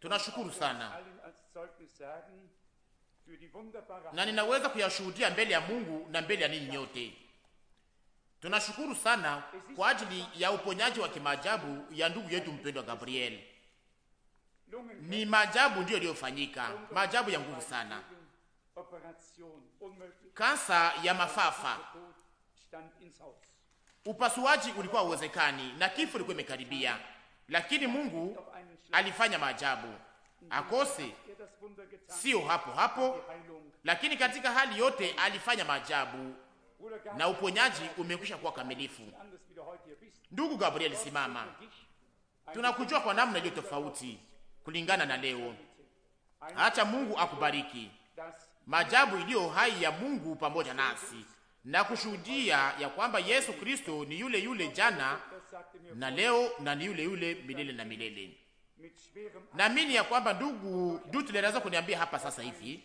Tunashukuru sana na ninaweza kuyashuhudia mbele ya Mungu na mbele ya ninyi nyote. Tunashukuru sana kwa ajili ya uponyaji wa kimaajabu ya ndugu yetu mpendwa Gabriel. Ni maajabu ndiyo yaliyofanyika, maajabu ya nguvu sana. Kansa ya mafafa Upasuaji ulikuwa uwezekani na kifo ilikuwa imekaribia, lakini Mungu alifanya maajabu akose, sio hapo hapo, lakini katika hali yote alifanya maajabu na uponyaji umekwisha kuwa kamilifu. Ndugu Gabriel, simama. Tunakujua kwa namna iliyo tofauti kulingana na leo. Acha Mungu akubariki. Maajabu iliyo hai ya Mungu pamoja nasi na kushuhudia ya kwamba Yesu Kristo ni yule yule jana na leo na ni yule yule milele na milele. Naamini ya kwamba ndugu Dutle anaweza kuniambia hapa sasa hivi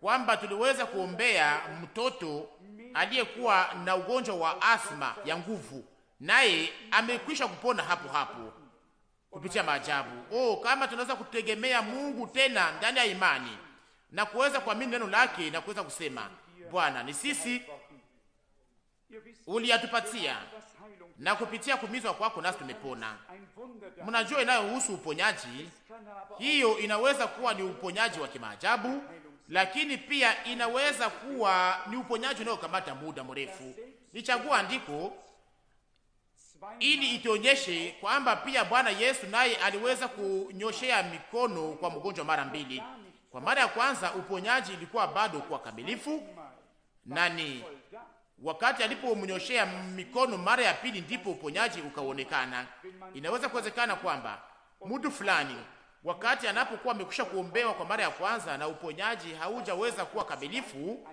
kwamba tuliweza kuombea mtoto aliyekuwa na ugonjwa wa asma ya nguvu, naye amekwisha kupona hapo hapo kupitia maajabu. Oh, kama tunaweza kutegemea Mungu tena ndani ya imani na kuweza kuamini neno lake na kuweza kusema Bwana, ni sisi uliyatupatia na kupitia kumizwa kwako nasi tumepona. Mnajua inayohusu uponyaji, hiyo inaweza kuwa ni uponyaji wa kimaajabu, lakini pia inaweza kuwa ni uponyaji unayokamata muda mrefu. Nichagua andiko ili itionyeshe kwamba pia Bwana Yesu naye aliweza kunyoshea mikono kwa mgonjwa mara mbili. Kwa mara ya kwanza uponyaji ilikuwa bado kuwa kamilifu nani Wakati alipomnyoshea mikono mara ya pili, ndipo uponyaji ukaonekana. Inaweza kuwezekana kwamba mtu fulani wakati anapokuwa amekwisha kuombewa kwa mara ya kwanza na uponyaji haujaweza kuwa kamilifu,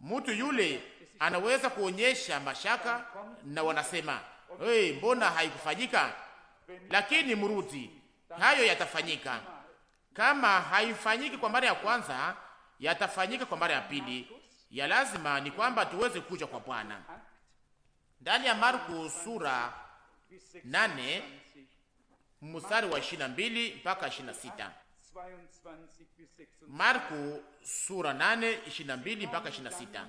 mtu yule anaweza kuonyesha mashaka na wanasema hey, mbona haikufanyika? Lakini mrudi, hayo yatafanyika. Kama haifanyiki kwa mara ya kwanza, yatafanyika kwa mara ya pili ya lazima ni kwamba tuweze kuja kwa Bwana. Ndani ya Marko sura 8 mstari wa 22 mpaka 26. Marko sura 8 22 mpaka 26.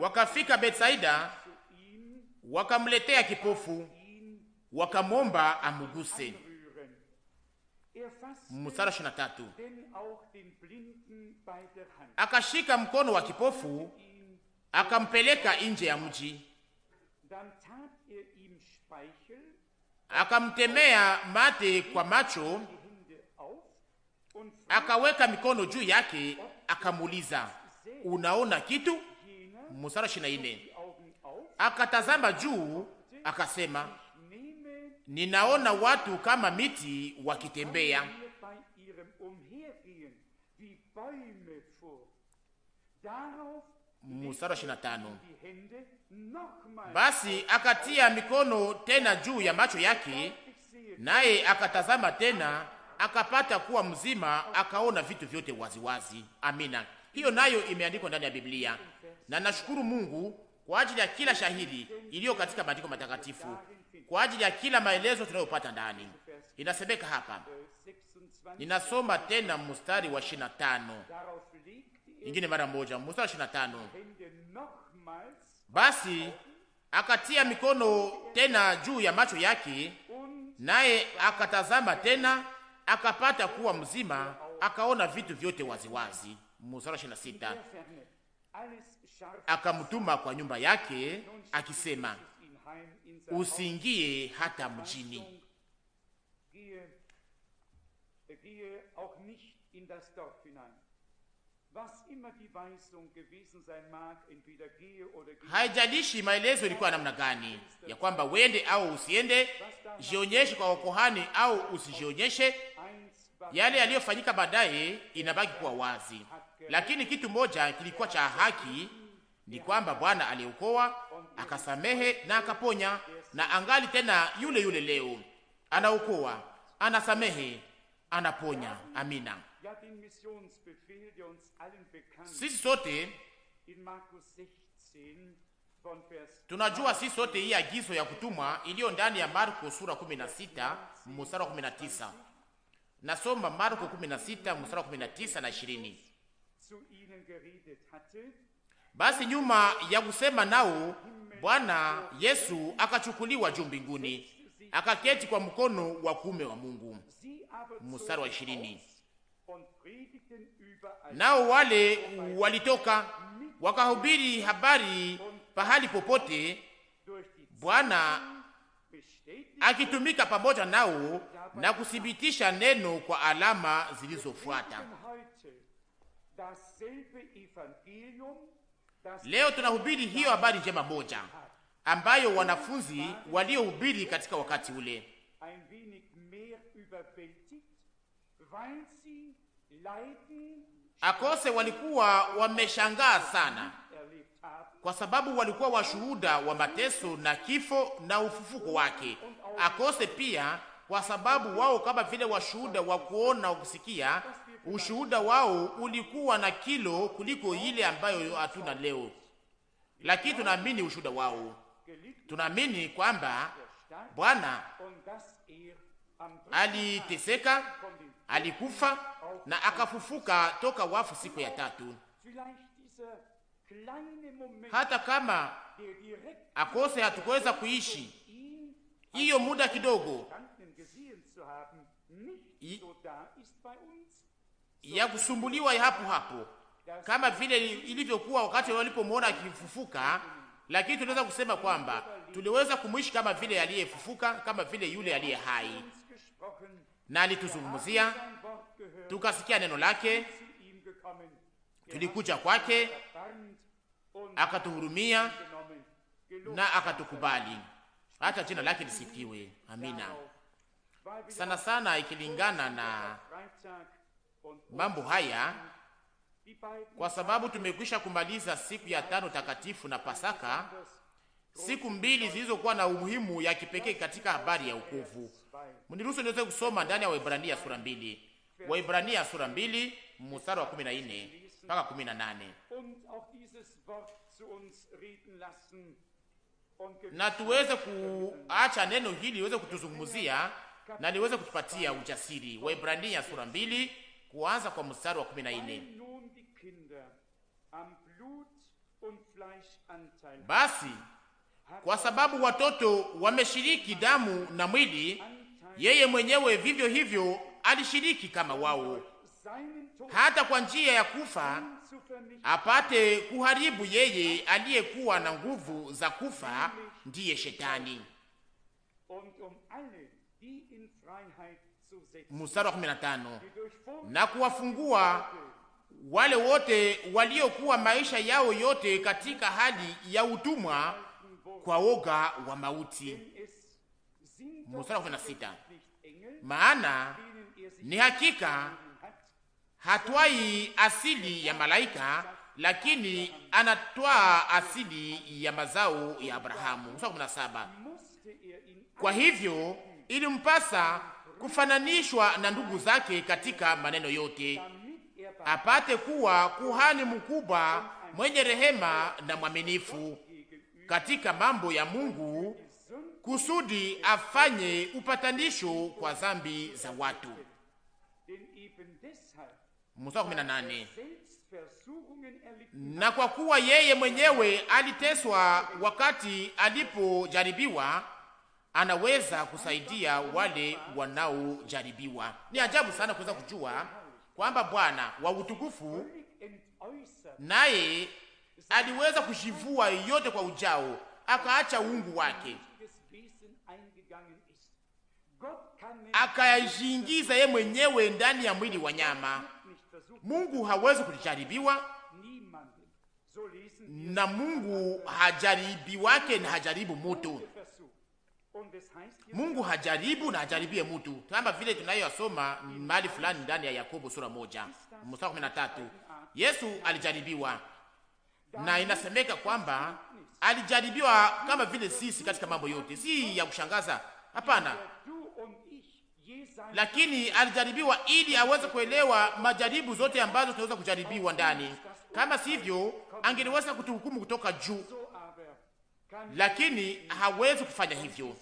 Wakafika Betsaida, wakamletea kipofu, wakamwomba amuguse. Er mstari na tatu akashika mkono wa kipofu akampeleka nje ya mji, er akamtemea mate kwa macho, akaweka mikono juu yake, akamuuliza unaona kitu? Mstari ishirini akatazama juu akasema ninaona watu kama miti wakitembea Mstari wa Basi akatia mikono tena juu ya macho yake, naye akatazama tena, akapata kuwa mzima, akaona vitu vyote waziwazi Amina, hiyo nayo imeandikwa ndani ya Biblia, na nashukuru Mungu kwa ajili ya kila shahidi iliyo katika maandiko matakatifu kwa ajili ya kila maelezo tunayopata ndani. Inasemeka hapa, ninasoma tena mstari wa 25 ingine mara moja, mstari wa 25: basi akatia mikono tena juu ya macho yake, naye akatazama tena, akapata kuwa mzima, akaona vitu vyote waziwazi. Mstari wa 26: akamtuma kwa nyumba yake akisema usiingie hata mjini, haijalishi maelezo ilikuwa namna gani, ya kwamba uende au usiende, jionyeshe kwa wakohani au usijionyeshe, yale yaliyofanyika baadaye inabaki kuwa wazi. Lakini kitu moja kilikuwa cha haki, ni kwamba Bwana aliokoa, akasamehe na akaponya na angali tena yule yule leo, anaokoa, anasamehe, anaponya. Amina. Sisi sote tunajua sisi sote hii agizo ya kutumwa iliyo ndani ya Marko sura 16 mstari wa 19. Nasoma Marko 16 mstari wa 19 na 20. Basi nyuma ya kusema nao Bwana Yesu akachukuliwa juu mbinguni, akaketi kwa mkono wa kuume wa Mungu. Mstari wa ishirini, nao wale walitoka wakahubiri habari pahali popote, Bwana akitumika pamoja nao na kuthibitisha neno kwa alama zilizofuata. Leo tunahubiri hiyo habari njema moja ambayo wanafunzi waliohubiri katika wakati ule akose walikuwa wameshangaa sana, kwa sababu walikuwa washuhuda wa mateso na kifo na ufufuko wake. Akose pia kwa sababu wao kama vile washuhuda wa kuona, wakusikia kusikia ushuhuda wao ulikuwa na kilo kuliko ile ambayo hatuna leo, lakini tunaamini ushuhuda wao, tunaamini kwamba Bwana aliteseka, alikufa na akafufuka toka wafu siku ya tatu. Hata kama akose hatukuweza kuishi hiyo muda kidogo ya kusumbuliwa hapo hapo, kama vile ilivyokuwa wakati walipomwona akifufuka. Lakini tunaweza kusema kwamba tuliweza kumwishi kama vile aliyefufuka, kama vile yule aliye hai, na alituzungumzia, tukasikia neno lake, tulikuja kwake, akatuhurumia na akatukubali. Hata jina lake lisifiwe. Amina sana sana, ikilingana na mambo haya kwa sababu tumekwisha kumaliza siku ya tano takatifu na Pasaka, siku mbili zilizokuwa na umuhimu ya kipekee katika habari ya ukovu. Mniruhusu niweze kusoma ndani ya Waibrania sura mbili, Waibrania sura mbili mstari wa 14 mpaka 18, na tuweze kuacha neno hili liweze kutuzungumzia na liweze kutupatia ujasiri. Waibrania sura mbili kuanza kwa mstari wa kumi na nne basi kwa sababu watoto wameshiriki damu na mwili, yeye mwenyewe vivyo hivyo alishiriki kama wao, hata kwa njia ya kufa um apate kuharibu yeye aliyekuwa na nguvu za kufa, ndiye Shetani mstari wa 15, na kuwafungua wale wote waliokuwa maisha yao yote katika hali ya utumwa kwa woga wa mauti. Mstari wa 16, maana ni hakika hatwai asili ya malaika, lakini anatwaa asili ya mazao ya Abrahamu. Mstari wa 17, kwa hivyo ilimpasa kufananishwa na ndugu zake katika maneno yote, apate kuwa kuhani mkubwa mwenye rehema na mwaminifu katika mambo ya Mungu, kusudi afanye upatanisho kwa zambi za watu. na kwa kuwa yeye mwenyewe aliteswa wakati alipojaribiwa anaweza kusaidia wale wanaojaribiwa. Ni ajabu sana kuweza kujua kwamba Bwana wa utukufu naye aliweza kushivua yote kwa ujao, akaacha uungu wake, akajiingiza yeye mwenyewe ndani ya mwili wa nyama. Mungu hawezi kujaribiwa na Mungu hajaribi wake na hajaribu mutu. Mungu hajaribu na hajaribie mtu, kama vile tunayosoma mahali fulani ndani ya Yakobo sura moja mstari kumi na tatu. Yesu alijaribiwa na inasemeka kwamba alijaribiwa kama vile sisi katika mambo yote, si ya kushangaza hapana, lakini alijaribiwa ili aweze kuelewa majaribu zote ambazo tunaweza kujaribiwa ndani. Kama sivyo, angeliweza kutuhukumu kutoka juu, lakini hawezi kufanya hivyo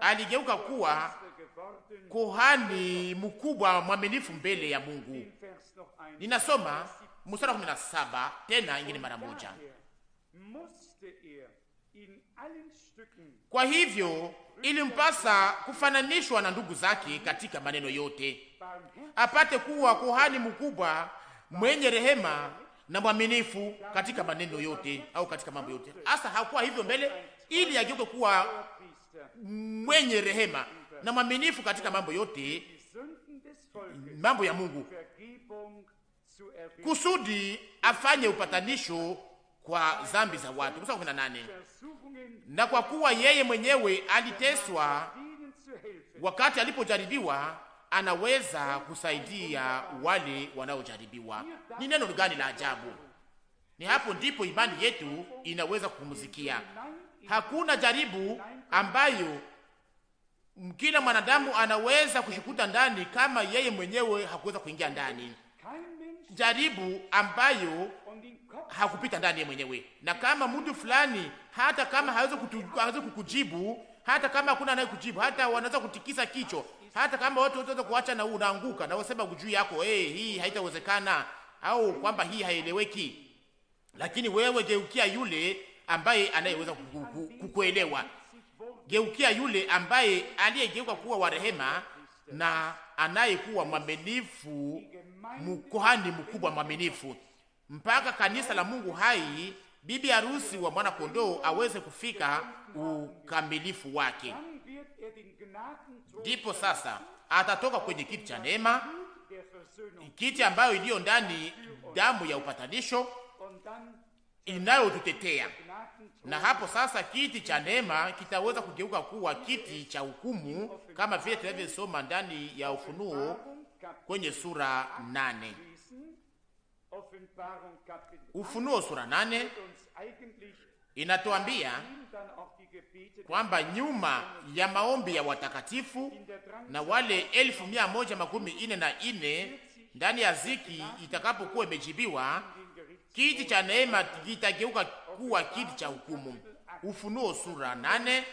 aligeuka kuwa kohani mkubwa mwaminifu mbele ya Mungu. Ninasoma mstari wa 17 tena ingine mara moja. Kwa hivyo ilimpasa kufananishwa na ndugu zake katika maneno yote, apate kuwa kohani mkubwa mwenye rehema na mwaminifu katika maneno yote au katika mambo yote. Hasa hakuwa hivyo mbele, ili ageuke kuwa mwenye rehema na mwaminifu katika mambo yote, mambo ya Mungu, kusudi afanye upatanisho kwa dhambi za watu. Kumi na nane. Na kwa kuwa yeye mwenyewe aliteswa wakati alipojaribiwa, anaweza kusaidia wale wanaojaribiwa. Ni neno gani la ajabu! Ni hapo ndipo imani yetu inaweza kupumzikia Hakuna jaribu ambayo kila mwanadamu anaweza kushikuta ndani kama yeye mwenyewe hakuweza kuingia ndani, jaribu ambayo hakupita ndani yeye mwenyewe. Na kama mtu fulani, hata kama hawezi kukujibu, hata kama hakuna anayekujibu, hata wanaweza kutikisa kichwa, hata kama watu wote kuacha na unaanguka na wasema juu yako, hey, eh, hii haitawezekana au kwamba hii haieleweki, lakini wewe geukia yule ambaye anayeweza kukuelewa. Geukia yule ambaye aliyegeuka kuwa wa rehema na anayekuwa mwaminifu, mkohani mkubwa mwaminifu, mpaka kanisa la Mungu hai, bibi harusi wa mwana kondoo aweze kufika ukamilifu wake. Ndipo sasa atatoka kwenye kiti cha neema, kiti ambayo iliyo ndani damu ya upatanisho inayotutetea, na hapo sasa kiti cha neema kitaweza kugeuka kuwa kiti cha hukumu, kama vile tunavyosoma ndani ya Ufunuo kwenye sura nane. Ufunuo sura nane inatuambia kwamba nyuma ya maombi ya watakatifu na wale elfu mia moja makumi ine na ine ndani ya ziki itakapokuwa imejibiwa Kiti cha neema kitageuka kuwa kiti cha hukumu. Ufunuo sura nane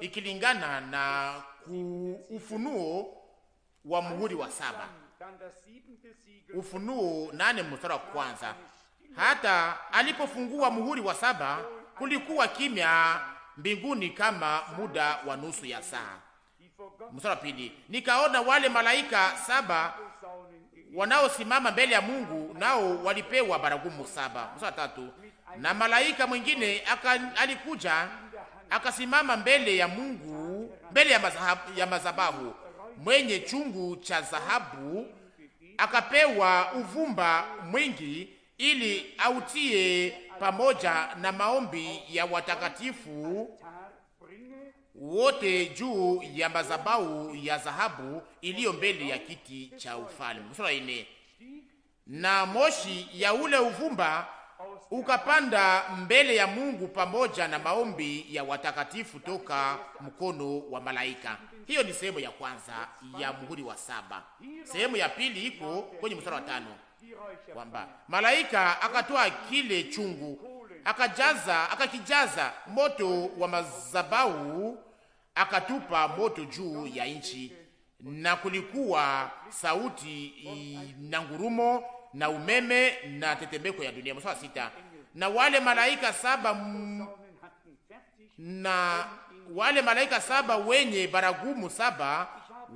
ikilingana na ufunuo wa muhuri wa saba. Ufunuo nane mstari wa kwanza. Hata alipofungua muhuri wa saba, kulikuwa kimya mbinguni kama muda wa nusu ya saa. Mstari wa pili, nikaona wale malaika saba wanaosimama mbele ya Mungu nao walipewa baragumu saba. Mstari tatu, na malaika mwingine alikuja akasimama mbele ya Mungu mbele ya mazahabu, ya mazabahu mwenye chungu cha dhahabu akapewa uvumba mwingi ili autie pamoja na maombi ya watakatifu wote juu ya mazabau ya dhahabu iliyo mbele ya kiti cha ufalme. Sura ine na moshi ya ule uvumba ukapanda mbele ya Mungu pamoja na maombi ya watakatifu toka mkono wa malaika. Hiyo ni sehemu ya kwanza ya muhuri wa saba. Sehemu ya pili iko kwenye mstari wa tano kwamba malaika akatoa kile chungu akajaza akakijaza moto wa mazabau akatupa moto juu ya nchi, na kulikuwa sauti na ngurumo na umeme na tetemeko ya dunia. Mstari sita, na wale malaika saba m... na wale malaika saba wenye baragumu saba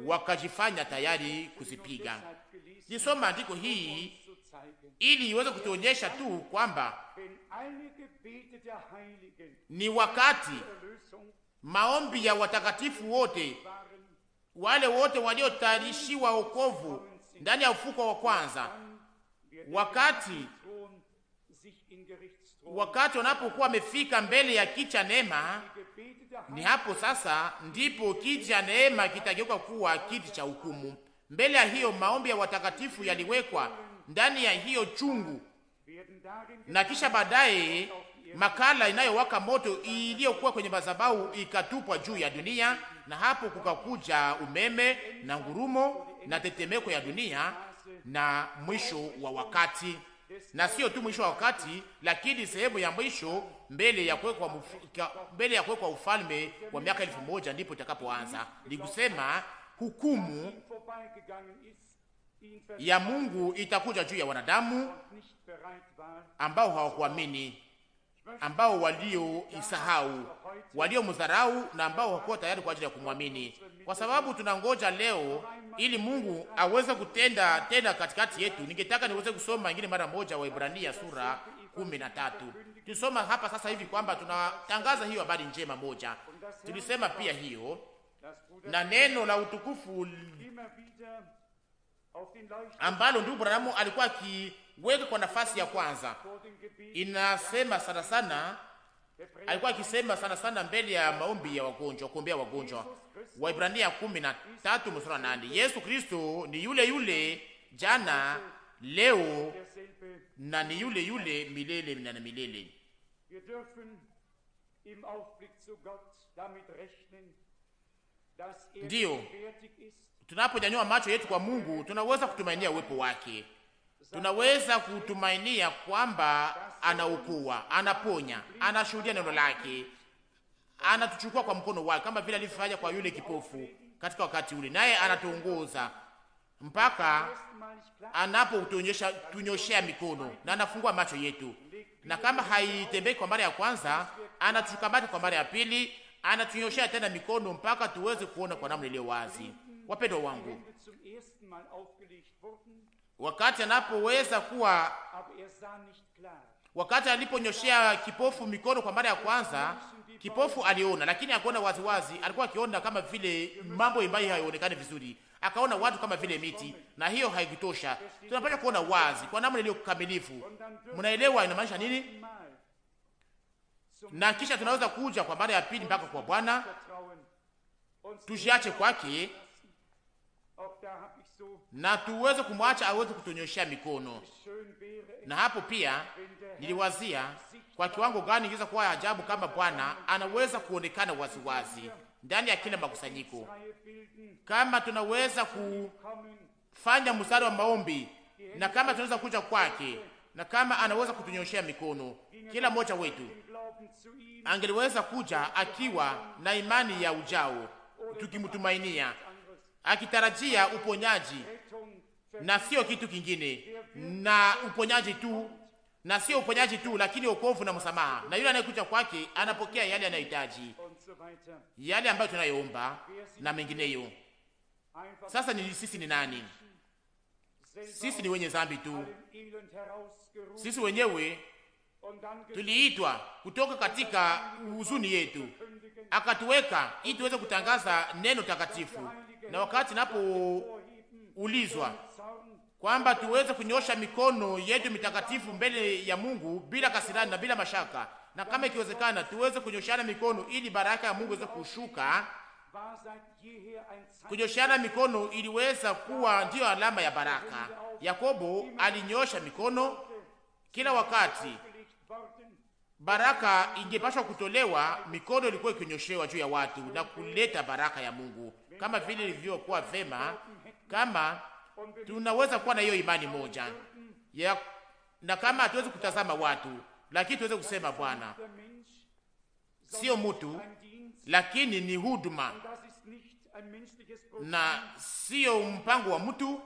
wakajifanya tayari kuzipiga. Nisoma andiko hii ili iweze kutuonyesha tu kwamba ni wakati maombi ya watakatifu wote wale wote waliotayarishiwa wokovu ndani ya ufuko wa kwanza wakati wakati wanapokuwa wamefika mbele ya kicha neema, ni hapo sasa ndipo kicha neema kitageuka kuwa kiti cha hukumu. Mbele ya hiyo maombi ya watakatifu yaliwekwa ndani ya hiyo chungu, na kisha baadaye makala inayowaka moto iliyokuwa kwenye madhabahu ikatupwa juu ya dunia, na hapo kukakuja umeme na ngurumo na tetemeko ya dunia na mwisho wa wakati, na sio tu mwisho wa wakati, lakini sehemu ya mwisho mbele ya kuwekwa mbele ya kuwekwa ufalme wa miaka elfu moja ndipo itakapoanza. Ni kusema hukumu ya Mungu itakuja juu ya wanadamu ambao hawakuamini ambao walio isahau walio mudharau na ambao hawakuwa tayari kwa ajili ya kumwamini, kwa sababu tunangoja leo ili Mungu aweze kutenda tena katikati yetu. Ningetaka niweze kusoma ingine mara moja Waebrania sura kumi na tatu. Tulisoma hapa sasa hivi kwamba tunatangaza hiyo habari njema moja, tulisema pia hiyo na neno la utukufu ambalo ndugu Branham alikuwa akiweka kwa nafasi ya kwanza. Inasema sana sana, alikuwa akisema sana sana mbele ya maombi ya wagonjwa, kuombea wagonjwa. Waibrania kumi na tatu mstari wa nane. Yesu Kristo ni yule yule jana, leo na ni yule yule milele na milele. Ndiyo tunaponyanyua macho yetu kwa Mungu, tunaweza kutumainia uwepo wake, tunaweza kutumainia kwamba anaokoa, anaponya, anashuhudia neno lake, anatuchukua kwa mkono wake, kama vile alivyofanya kwa yule kipofu katika wakati ule, naye anatuongoza mpaka anapotuonyesha tunyoshea mikono na anafungua macho yetu, na kama haitembei kwa mara ya kwanza, anatukamata kwa mara ya pili, anatunyoshea tena mikono mpaka tuweze kuona kwa namna iliyo wazi. Wapendwa wangu, wakati anapoweza kuwa, er wakati aliponyoshea kipofu mikono kwa mara ya kwanza, kipofu aliona, lakini akuona waziwazi. Alikuwa akiona kama vile mambo ambayo hayaonekani vizuri, akaona watu kama vile miti, na hiyo haikutosha. Tunapaswa kuona wazi kwa namna iliyo kamilifu. Mnaelewa inamaanisha nini? Na kisha tunaweza kuja kwa mara ya pili mpaka kwa Bwana, tujiache kwake na tuweze kumwacha aweze kutunyoshea mikono. Na hapo pia niliwazia kwa kiwango gani ingeweza kuwa ajabu kama Bwana anaweza kuonekana waziwazi ndani ya kila makusanyiko, kama tunaweza kufanya mstari wa maombi, na kama tunaweza kuja kwake, na kama anaweza kutunyoshea mikono. Kila mmoja wetu angeliweza kuja akiwa na imani ya ujao, tukimtumainia akitarajia uponyaji na sio kitu kingine, na uponyaji tu na sio uponyaji tu, lakini wokovu na msamaha. Na yule anayekuja kwake anapokea yale anayohitaji, yale ambayo tunayoomba na mengineyo. Sasa ni sisi ni nani? Sisi ni wenye zambi tu, sisi wenyewe tuliitwa kutoka katika huzuni yetu, akatuweka ili tuweze kutangaza neno takatifu, na wakati napoulizwa kwamba tuweze kunyosha mikono yetu mitakatifu mbele ya Mungu bila kasirani na bila mashaka, na kama ikiwezekana tuweze kunyoshana mikono ili baraka ya Mungu iweze kushuka. Kunyoshana mikono iliweza kuwa ndiyo alama ya baraka. Yakobo alinyosha mikono kila wakati baraka ingepashwa kutolewa, mikono ilikuwa ikinyoshewa juu ya watu na kuleta baraka ya Mungu kama vile ilivyokuwa vema kama tunaweza kuwa na hiyo imani moja ya, na kama hatuwezi kutazama watu, lakini tuweze kusema Bwana, sio mtu lakini ni huduma na sio mpango wa mtu,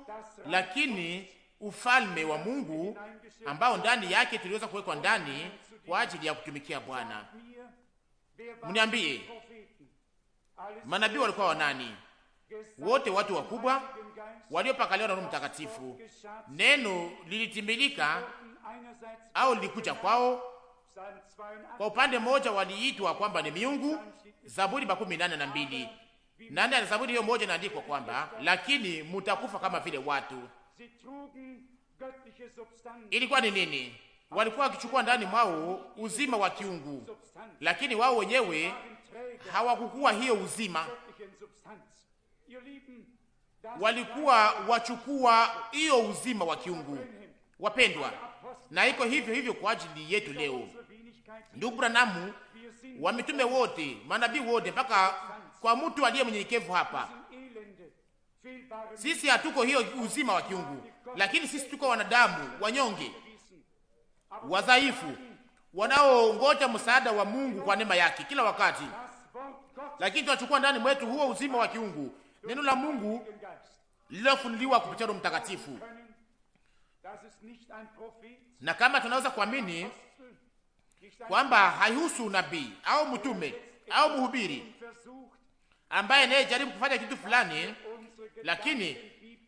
lakini ufalme wa Mungu ambao ndani yake tuliweza kuwekwa ndani kwa ajili ya kutumikia Bwana. Mniambie, manabii walikuwa wanani? wote watu wakubwa waliopakaliwa na Roho Mtakatifu. Neno lilitimilika au lilikuja kwao. Kwa upande mmoja waliitwa kwamba ni miungu, Zaburi makumi nane na mbili nani ana Zaburi hiyo moja inaandikwa kwamba lakini mutakufa kama vile watu. Ilikuwa ni nini? Walikuwa wakichukua ndani mwao uzima wa kiungu, lakini wao wenyewe hawakukuwa hiyo uzima walikuwa wachukua hiyo uzima wa kiungu. Wapendwa, na iko hivyo hivyo kwa ajili yetu leo. Ndugu Branamu, wametume wote, manabii wote, mpaka kwa mtu aliye mnyenyekevu hapa, sisi hatuko hiyo uzima wa kiungu, lakini sisi tuko wanadamu wanyonge, wadhaifu, wanaongoja msaada wa Mungu kwa neema yake kila wakati, lakini tunachukua ndani mwetu huo uzima wa kiungu neno la Mungu lililofunuliwa kupitia Roho Mtakatifu, na kama tunaweza kuamini kwamba haihusu nabii au mtume au mhubiri ambaye naye jaribu kufanya kitu fulani, lakini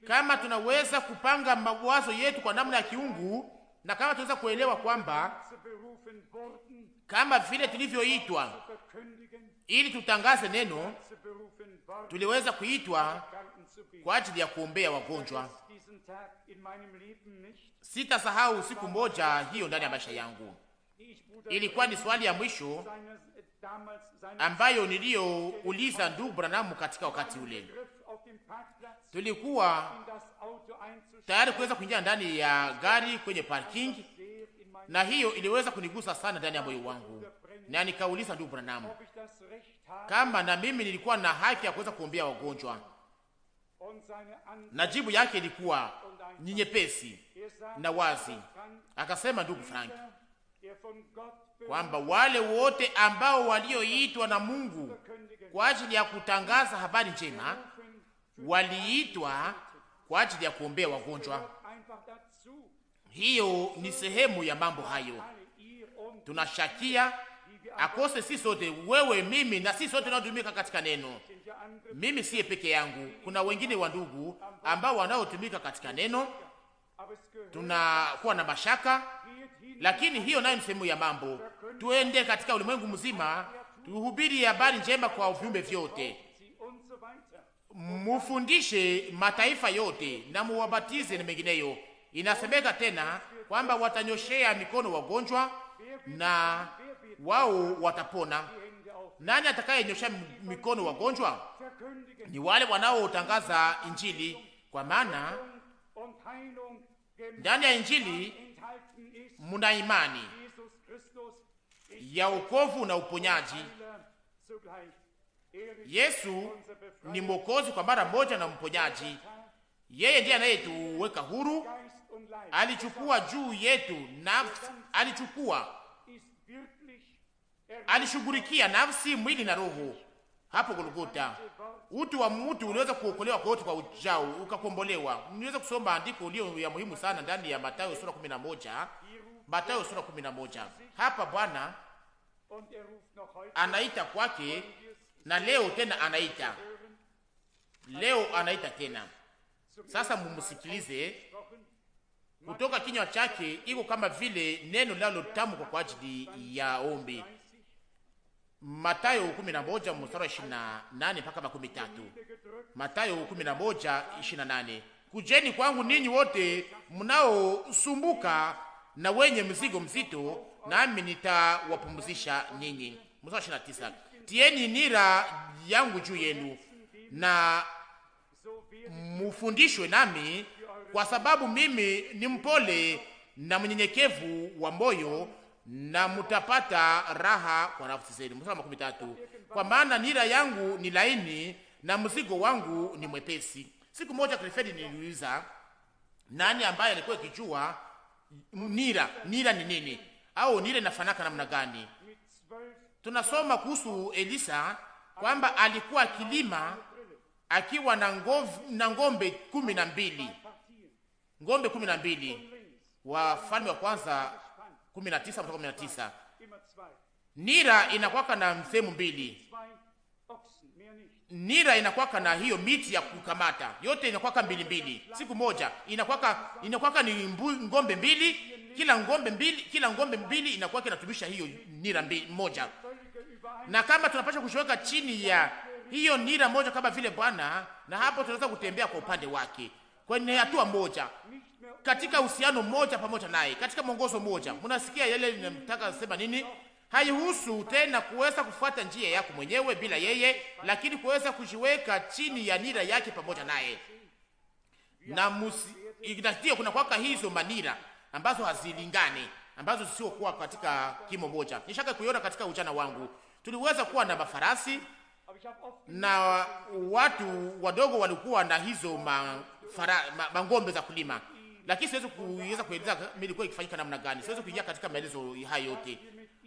kama tunaweza kupanga mawazo yetu kwa namna ya kiungu na kama tunaweza kuelewa kwamba kama vile tulivyoitwa ili tutangaze neno, tuliweza kuitwa kwa ajili ya kuombea wagonjwa. Sitasahau siku moja hiyo ndani ya maisha yangu. Ilikuwa ni swali ya mwisho ambayo niliyouliza ndugu Branamu katika wakati ule. Tulikuwa tayari kuweza kuingia ndani ya gari kwenye parking na hiyo iliweza kunigusa sana ndani ya moyo wangu, na nikauliza ndugu Branham kama na mimi nilikuwa na haki ya kuweza kuombea wagonjwa, na jibu yake ilikuwa ni nyepesi na wazi. Akasema ndugu Frank kwamba wale wote ambao walioitwa na Mungu kwa ajili ya kutangaza habari njema waliitwa kwa ajili ya kuombea wagonjwa. Hiyo ni sehemu ya mambo hayo. Tunashakia akose si sote, wewe, mimi na si sote tunaotumika katika neno. Mimi siye peke yangu, kuna wengine wa ndugu ambao wanaotumika katika neno, tunakuwa na mashaka, lakini hiyo nayo ni sehemu ya mambo. Tuende katika ulimwengu mzima, tuhubiri habari njema kwa viumbe vyote, mufundishe mataifa yote na muwabatize na mengineyo. Inasemeka tena kwamba watanyoshea mikono wagonjwa na wao watapona. Nani atakayenyosha mikono wagonjwa? Ni wale wanaotangaza Injili, kwa maana ndani ya Injili muna imani ya ukovu na uponyaji. Yesu ni mwokozi kwa mara moja na mponyaji. Yeye ndiye anayetuweka huru alichukua juu yetu nafsi, alichukua alishughulikia nafsi, mwili na roho hapo Golgota. Utu wa mtu uliweza kuokolewa kote kwa ujao ukakombolewa. Niweza kusoma andiko ulio ya muhimu sana ndani ya Mathayo sura 11, Mathayo sura 11. Hapa Bwana anaita kwake, na leo tena anaita, leo anaita tena. Sasa mumsikilize kutoka kinywa chake iko kama vile neno linalotamkwa kwa ajili ya ombi. Matayo 11 mstari wa 28 mpaka 13. Matayo 11 28, kujeni kwangu ninyi wote mnaosumbuka na wenye mzigo mzito, nami nitawapumzisha ninyi. Mstari wa 29, tieni nira yangu juu yenu na mufundishwe nami kwa sababu mimi ni mpole na mnyenyekevu wa moyo, na mtapata raha kwa nafsi zenu. Mstari makumi tatu, kwa maana nira yangu ni laini na mzigo wangu ni mwepesi. Siku moja Krefedi niliuliza nani ambaye alikuwa kijua nira, nira ni nini au nira inafanaka namna gani? Tunasoma kuhusu Elisa kwamba alikuwa akilima akiwa na ngombe kumi na mbili ng'ombe kumi na mbili Wafalme wa Kwanza kumi na tisa kumi na tisa. Nira inakwaka na msemu mbili, nira inakwaka na hiyo miti ya kukamata yote inakwaka mbili mbili, siku moja inakwaka, inakwaka ni mbu, ngombe mbili, kila ngombe mbili, kila ngombe mbili inakwaka inatumisha hiyo nira mbili, moja. Na kama tunapasha kushoweka chini ya hiyo nira moja kama vile Bwana, na hapo tunaweza kutembea kwa upande wake kwenye hatua moja, katika uhusiano mmoja pamoja naye, katika mwongozo mmoja. Mnasikia yale ninataka sema nini? Haihusu tena kuweza kufuata njia yako mwenyewe bila yeye, lakini kuweza kujiweka chini ya nira yake pamoja naye na musi, kuna kwaka hizo manira ambazo hazilingani ambazo sio kuwa katika kimo moja. Nishaka kuiona katika ujana wangu, tuliweza kuwa na mafarasi na watu wadogo walikuwa na hizo ma fara mang'ombe za kulima, lakini siwezi kuweza kueleza milikuwa ikifanyika namna gani, siwezi kuingia katika maelezo haya yote,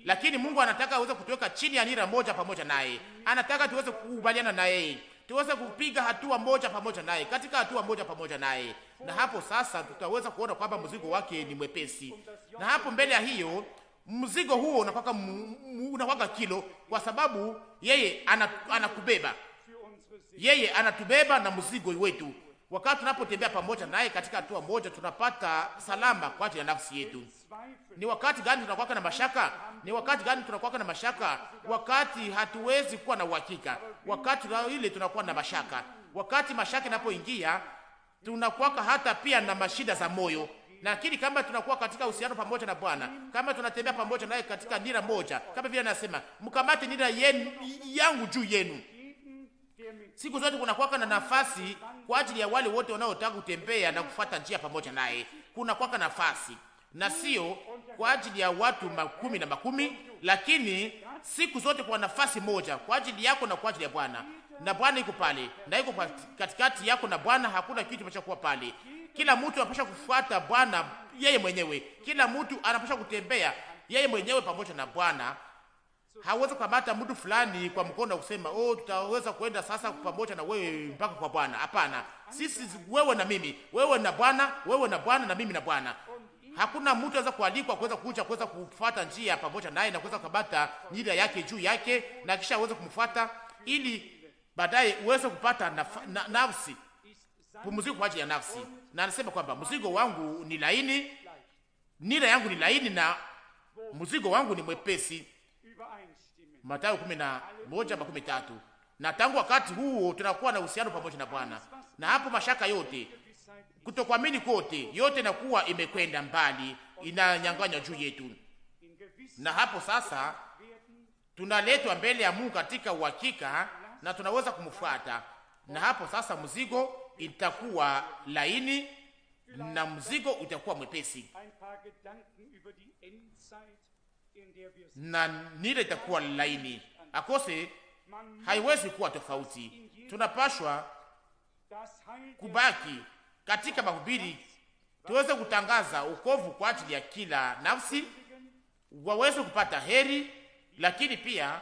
lakini Mungu anataka aweze kutuweka chini ya nira moja pamoja naye, anataka tuweze kukubaliana naye, tuweze kupiga hatua moja pamoja naye, katika hatua moja pamoja naye, na hapo sasa tutaweza kuona kwamba mzigo wake ni mwepesi, na hapo mbele ya hiyo mzigo huo unakwaka unakwaka kilo, kwa sababu yeye anakubeba, yeye anatubeba na mzigo wetu Wakati tunapotembea pamoja naye katika hatua moja, tunapata salama kwa ajili ya nafsi yetu. Ni wakati gani tunakuwa na mashaka? Ni wakati gani tunakuwa na mashaka? Wakati hatuwezi kuwa na uhakika, wakati ile tunakuwa na mashaka. Wakati mashaka inapoingia, tunakuwa hata pia na mashida za moyo lakini kama tunakuwa katika uhusiano pamoja na Bwana, kama tunatembea pamoja naye katika nira moja, kama vile anasema mkamate nira yenu yangu juu yenu Siku zote kunakwaka na nafasi kwa ajili ya wale wote wanaotaka kutembea na kufuata njia pamoja naye. Kunakwaka nafasi na sio kwa ajili ya watu makumi na makumi, lakini siku zote kwa nafasi moja, kwa ajili yako na kwa ajili ya Bwana. Na Bwana iko pale na iko katikati yako na Bwana, hakuna kitu kinacho kuwa pale. Kila mtu anapasha kufuata Bwana yeye mwenyewe, kila mtu anapasha kutembea yeye mwenyewe pamoja na Bwana hawezi kukamata mtu fulani kwa mkono kusema oh, tutaweza kwenda sasa pamoja na wewe mpaka kwa Bwana. Hapana, sisi wewe na mimi, wewe na Bwana, wewe na Bwana na mimi na Bwana. Hakuna mtu anaweza kualikwa kuweza kuja kuweza kufuata njia pamoja naye na kuweza kukamata nira yake juu yake na kisha aweze kumfuata ili baadaye uweze kupata na, na, nafsi pumziko kwa ajili ya nafsi. Na anasema kwamba mzigo wangu ni laini, nira yangu ni laini na mzigo wangu ni mwepesi. Mathayo 11:13. Na tangu wakati huo tunakuwa na uhusiano pamoja na Bwana, na hapo mashaka yote, kutokuamini kote, yote nakuwa imekwenda mbali, inanyang'anywa juu yetu, na hapo sasa tunaletwa mbele ya Mungu katika uhakika na tunaweza kumfuata, na hapo sasa mzigo itakuwa laini na mzigo utakuwa mwepesi na nile itakuwa laini, akose haiwezi kuwa tofauti. Tunapashwa kubaki katika mahubiri, tuweze kutangaza ukovu kwa ajili ya kila nafsi, waweze kupata heri, lakini pia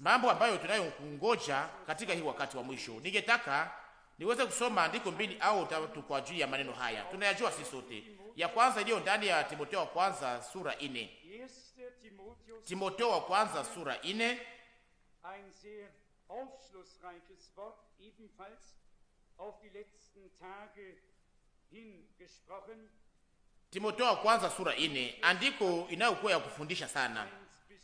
mambo ambayo kungoja katika hii wakati wa mwisho. Ningetaka niweze kusoma andiko mbili au tatu kwa ajili ya maneno haya. Tunayajua sisi sote, ya kwanza iliyo ndani ya Timotheo wa kwanza sura ine Timoteo wa kwanza sura ine Timoteo wa kwanza sura ine, andiko inayokuwa ya kufundisha sana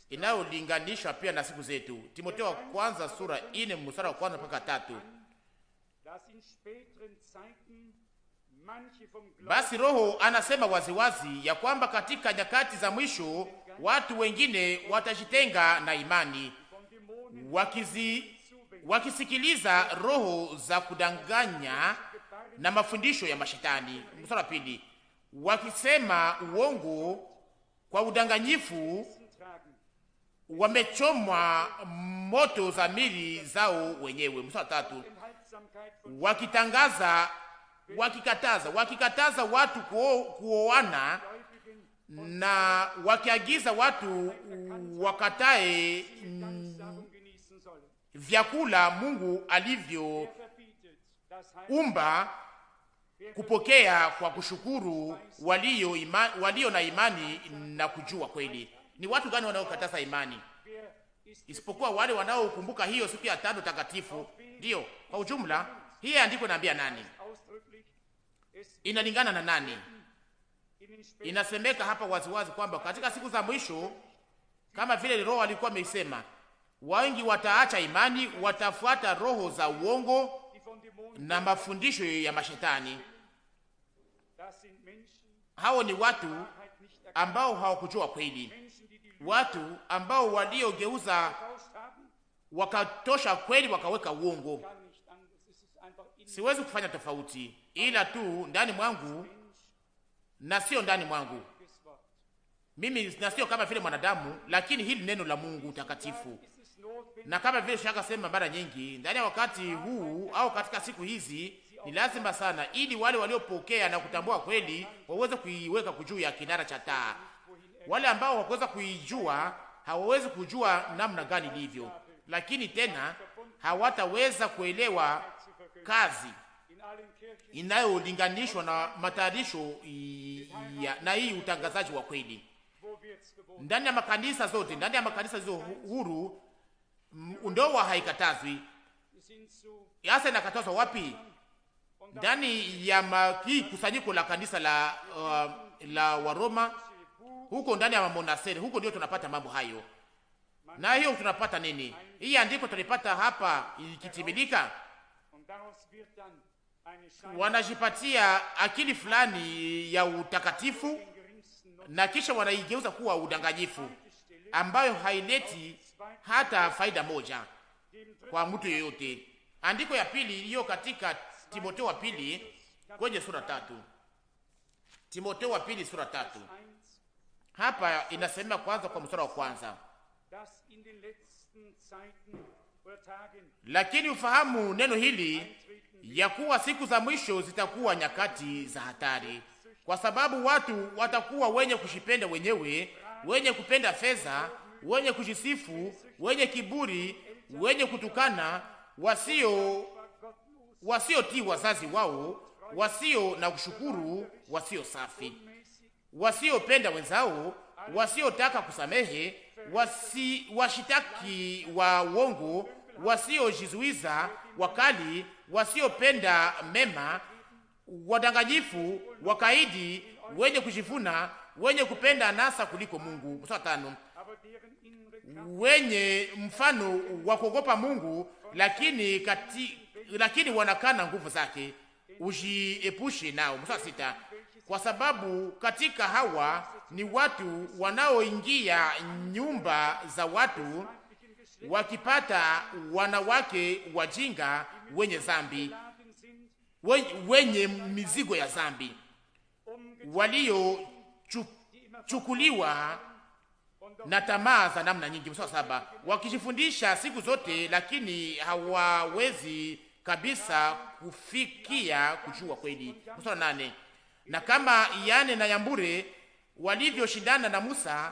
inayolinganishwa pia na siku zetu. Timoteo wa kwanza sura ine mstari wa kwanza mpaka tatu basi Roho anasema waziwazi ya kwamba katika nyakati za mwisho watu wengine watajitenga na imani wakizi, wakisikiliza roho za kudanganya na mafundisho ya mashetani. Mstari wa pili, wakisema uongo kwa udanganyifu, wamechomwa moto za mili zao wenyewe. Mstari wa tatu, wakitangaza wakikataza wakikataza watu kuoana na wakiagiza watu wakatae mm, vyakula Mungu alivyoumba kupokea kwa kushukuru walio, ima, walio na imani na kujua kweli. Ni watu gani wanaokataza imani isipokuwa wale wanaokumbuka hiyo siku ya tano takatifu? Ndiyo, kwa ujumla hii andiko inaambia nani? inalingana na nani? Inasemeka hapa waziwazi kwamba katika siku za mwisho, kama vile Roho alikuwa ameisema, wengi wataacha imani, watafuata roho za uongo na mafundisho ya mashetani. Hao ni watu ambao hawakujua kweli, watu ambao waliogeuza wakatosha kweli wakaweka uongo siwezi kufanya tofauti ila tu ndani mwangu na sio ndani mwangu mimi, na sio kama vile mwanadamu, lakini hili neno la Mungu takatifu. Na kama vile shaka sema mara nyingi, ndani ya wakati huu au katika siku hizi ni lazima sana, ili wale waliopokea na kutambua kweli waweze kuiweka juu ya kinara cha taa. Wale ambao hawakuweza kuijua hawawezi kujua namna gani ilivyo, lakini tena hawataweza kuelewa kazi inayolinganishwa na matayarisho na hii utangazaji wa kweli ndani ya makanisa zote, ndani ya makanisa hizo huru. Ndoa haikatazwi hasa, inakatazwa wapi? Ndani ya hii kusanyiko la kanisa la, uh, la Waroma, huko ndani ya monasteri, huko ndio tunapata mambo hayo. Na hiyo tunapata nini? Hii andiko tulipata hapa ikitimilika wanajipatia akili fulani ya utakatifu na kisha wanaigeuza kuwa udanganyifu ambayo haileti hata faida moja kwa mtu yoyote Andiko ya pili iliyo katika Timoteo wa pili kwenye sura tatu. Timoteo wa pili sura tatu. Hapa inasema kwanza kwa mstari wa kwanza lakini ufahamu neno hili ya kuwa siku za mwisho zitakuwa nyakati za hatari, kwa sababu watu watakuwa wenye kushipenda wenyewe, wenye kupenda fedha, wenye kujisifu, wenye kiburi, wenye kutukana, wasio wasiotii wazazi wao, wasio na kushukuru, wasio safi, wasiopenda wenzao, wasiotaka kusamehe, wasi, washitaki wa uongo wasiojizuiza, wakali, wasiopenda mema, wadanganyifu, wakaidi, wenye kujivuna, wenye kupenda anasa kuliko Mungu. Mstari tano, wenye mfano wa kuogopa Mungu lakini kati, lakini wanakana nguvu zake, ujiepushe nao. Mstari sita, kwa sababu katika hawa ni watu wanaoingia nyumba za watu wakipata wanawake wajinga wenye zambi, wenye mizigo ya zambi, waliochukuliwa na tamaa za namna nyingi. Mstari saba, wakijifundisha siku zote, lakini hawawezi kabisa kufikia kujua kweli. Mstari nane, na kama Yane na Yambure walivyoshindana na Musa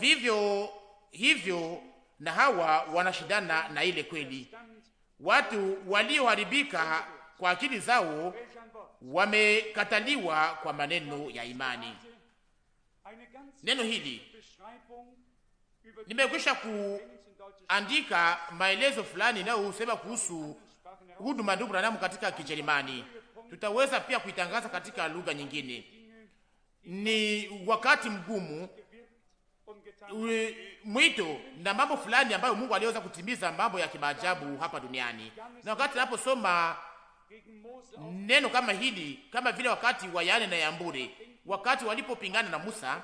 vivyo hivyo na hawa wanashindana na ile kweli. Watu walioharibika kwa akili zao wamekataliwa kwa maneno ya imani. Neno hili nimekwisha kuandika maelezo fulani inayosema kuhusu huduma ndugu Branham katika Kijerumani. Tutaweza pia kuitangaza katika lugha nyingine. Ni wakati mgumu mwito na mambo fulani ambayo Mungu aliweza kutimiza mambo ya kimaajabu hapa duniani. Na wakati naposoma neno kama hili, kama vile wakati wa Yane na Yambure, wakati walipopingana na Musa,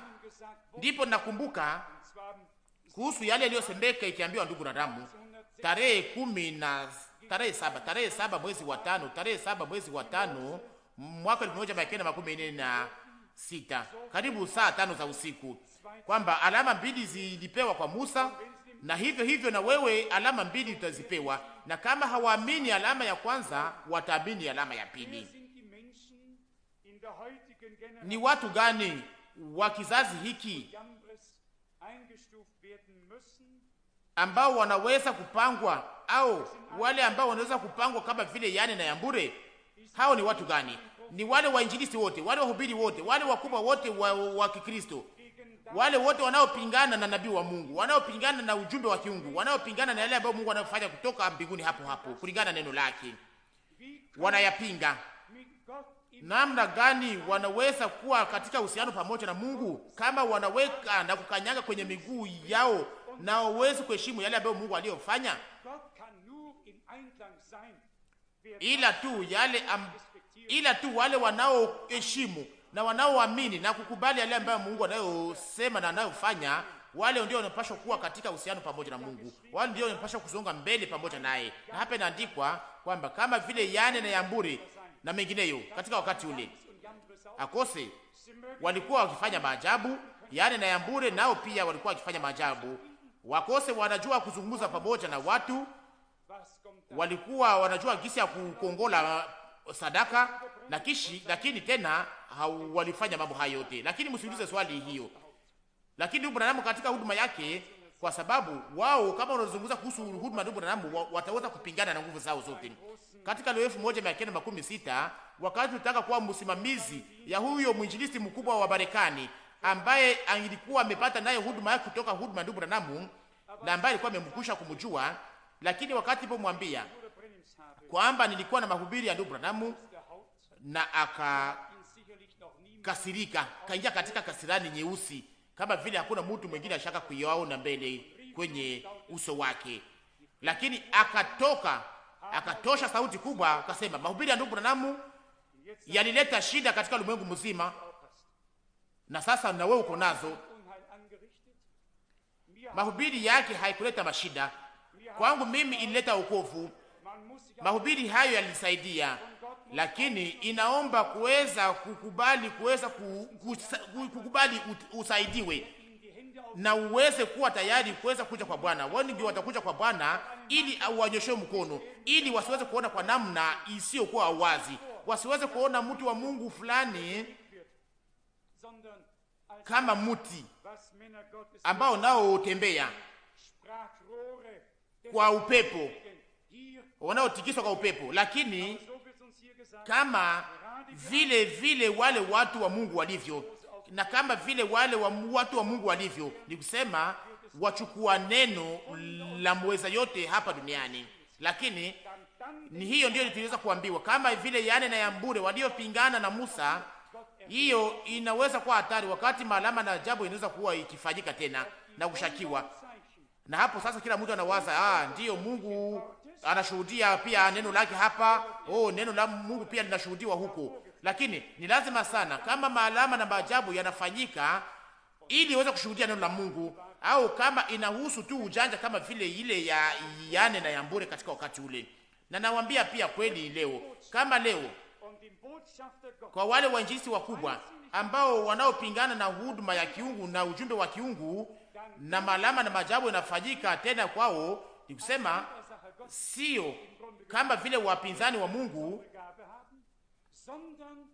ndipo nakumbuka kuhusu yale yaliyosemeka ikiambiwa ndugu na damu, tarehe kumi na tarehe saba tarehe saba mwezi wa tano tarehe saba mwezi wa tano mwaka elfu moja mia kenda makumi nne na sita karibu saa tano za usiku kwamba alama mbili zilipewa kwa Musa, na hivyo hivyo na wewe alama mbili utazipewa, na kama hawaamini alama ya kwanza, wataamini alama ya pili. Ni watu gani wa kizazi hiki ambao wanaweza kupangwa au wale ambao wanaweza kupangwa kama vile Yane na Yambure? Hao ni watu gani? Ni wale wainjilisti wote, wale wahubiri wote, wale wakubwa wote wa, wa Kikristo wale wote wanaopingana na nabii wa Mungu, wanaopingana na ujumbe wa kiungu, wanaopingana na yale ambayo Mungu anafanya kutoka mbinguni hapo hapo kulingana na neno lake, wanayapinga. Namna gani wanaweza kuwa katika uhusiano pamoja na Mungu kama wanaweka na kukanyaga kwenye miguu yao na wawezi kuheshimu yale ambayo Mungu aliyofanya, ila tu yale am, ila tu wale wanaoheshimu na wanaoamini na kukubali yale ambayo Mungu anayosema na anayofanya, wale ndio wanapaswa kuwa katika uhusiano pamoja na Mungu, wale ndio wanapaswa kusonga mbele pamoja naye. Na hapa inaandikwa kwamba kama vile Yane na Yambure na mengineyo katika wakati ule akose walikuwa wakifanya maajabu. Yane na Yambure nao pia walikuwa wakifanya maajabu. Wakose wanajua kuzungumza pamoja na watu, walikuwa wanajua gisi ya kukongola sadaka na kishi, lakini tena hawalifanya mambo hayo yote. Lakini msiulize swali hiyo. Lakini ndugu Branham katika huduma yake, kwa sababu wao kama wanazungumza kuhusu huduma ndugu Branham wataweza kupingana na nguvu zao zote. Katika leo elfu moja mia kenda makumi sita wakati tutaka kuwa msimamizi ya huyo mwinjilisti mkubwa wa Marekani ambaye alikuwa amepata naye huduma yake kutoka huduma ndugu Branham na ambaye alikuwa amemkusha kumjua, lakini wakati pomwambia kwamba nilikuwa na mahubiri ya ndugu Branham na akakasirika, kaingia katika kasirani nyeusi, kama vile hakuna mtu mwingine ashaka kuiona mbele kwenye uso wake, lakini akatoka akatosha sauti kubwa akasema, mahubiri ya ndugu Branham yalileta shida katika ulimwengu mzima, na sasa na wewe uko nazo. Mahubiri yake haikuleta mashida kwangu mimi, ilileta wokovu Mahubiri hayo yalisaidia, lakini inaomba kuweza kukubali, kuweza kukubali usaidiwe na uweze kuwa tayari kuweza kuja kwa Bwana. Wao ndio watakuja kwa Bwana ili awanyoshe mkono, ili wasiweze kuona kwa namna isiyokuwa wazi, wasiweze kuona mtu wa Mungu fulani kama mti ambao nao utembea kwa upepo wanaotikiswa kwa upepo, lakini kama vile vile wale watu wa Mungu walivyo, na kama vile wale wa watu wa Mungu walivyo, ni kusema wachukua neno la mweza yote hapa duniani. Lakini ni hiyo ndiyo tuliweza kuambiwa, kama vile Yane na Yambure waliopingana na Musa. Hiyo inaweza kuwa hatari, wakati maalama na ajabu inaweza kuwa ikifanyika tena na kushakiwa, na hapo sasa kila mtu anawaza ah, ndiyo Mungu anashuhudia pia neno lake hapa. Oh, neno la Mungu pia linashuhudiwa huko, lakini ni lazima sana kama maalama na maajabu yanafanyika ili iweze kushuhudia neno la Mungu, au kama inahusu tu ujanja kama vile ile ya Yane na Yambure katika wakati ule. Na nawaambia pia kweli leo kama leo, kwa wale wainjilisi wakubwa ambao wanaopingana na huduma ya kiungu na ujumbe wa kiungu na maalama na maajabu yanafanyika tena kwao, ni kusema sio kama vile wapinzani wa Mungu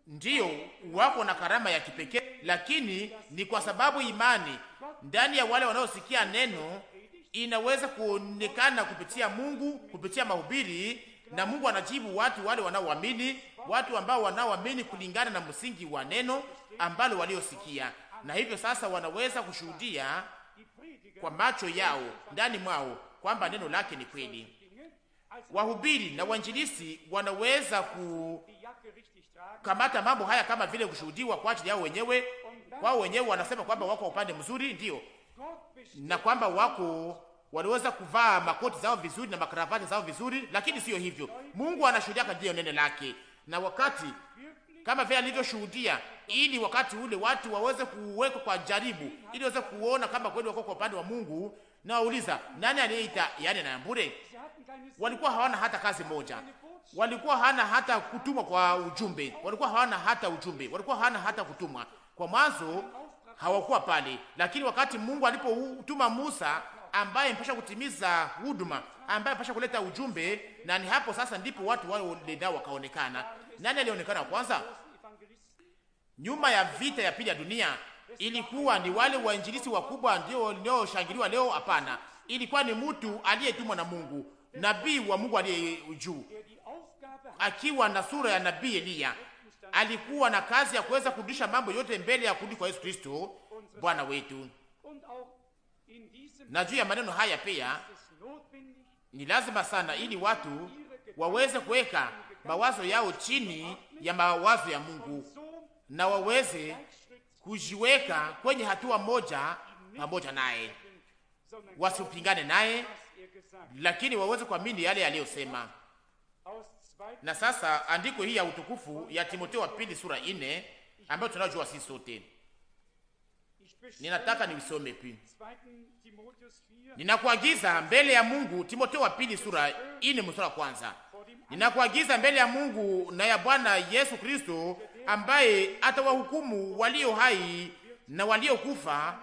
ndiyo wako na karama ya kipekee, lakini ni kwa sababu imani ndani ya wale wanaosikia neno inaweza kuonekana kupitia Mungu, kupitia mahubiri, na Mungu anajibu watu wale wanaoamini, watu ambao wanaoamini kulingana na msingi wa neno ambalo waliosikia, na hivyo sasa wanaweza kushuhudia kwa macho yao ndani mwao kwamba neno lake ni kweli wahubiri na wanjilisi wanaweza kukamata mambo haya kama vile kushuhudiwa kwa ajili yao wenyewe. Wao wenyewe wanasema kwamba wako upande mzuri, ndio, na kwamba wako waliweza kuvaa makoti zao vizuri na makaravati zao vizuri, lakini sio hivyo. Mungu anashuhudia kadiri ya neno lake, na wakati kama vile alivyoshuhudia, ili wakati ule watu waweze kuwekwa kwa jaribu, ili waweze kuona kama kweli wako kwa upande wa Mungu, na wauliza nani aliyeita yani mbure walikuwa hawana hata kazi moja, walikuwa hawana hata kutumwa kwa ujumbe, walikuwa hawana hata ujumbe, walikuwa hawana hata kutumwa. Kwa mwanzo hawakuwa pale, lakini wakati Mungu alipotuma Musa ambaye mpasha kutimiza huduma, ambaye mpasha kuleta ujumbe, na ni hapo sasa ndipo watu wale nao wakaonekana. Nani alionekana kwanza? Nyuma ya vita ya pili ya dunia ilikuwa ni wale wainjilisi wakubwa ndio leo shangiliwa leo? Hapana, ilikuwa ni mtu aliyetumwa na Mungu nabii wa Mungu aliye juu, akiwa na sura ya nabii Eliya, alikuwa na kazi ya kuweza kurudisha mambo yote mbele ya kurudi kwa Yesu Kristo Bwana wetu. Na juu ya maneno haya pia ni lazima sana, ili watu waweze kuweka mawazo yao chini ya mawazo ya Mungu na waweze kujiweka kwenye hatua moja pamoja naye, wasipingane naye lakini waweze kuamini yale aliyosema. Na sasa andiko hii ya utukufu ya Timotheo wa pili sura ine ambayo tunajua sisi sote, ninataka niisome pi. Ninakuagiza mbele ya Mungu, Timotheo wa pili sura ine mstari wa kwanza, ninakuagiza mbele ya Mungu na ya Bwana Yesu Kristo ambaye atawahukumu walio hai na waliokufa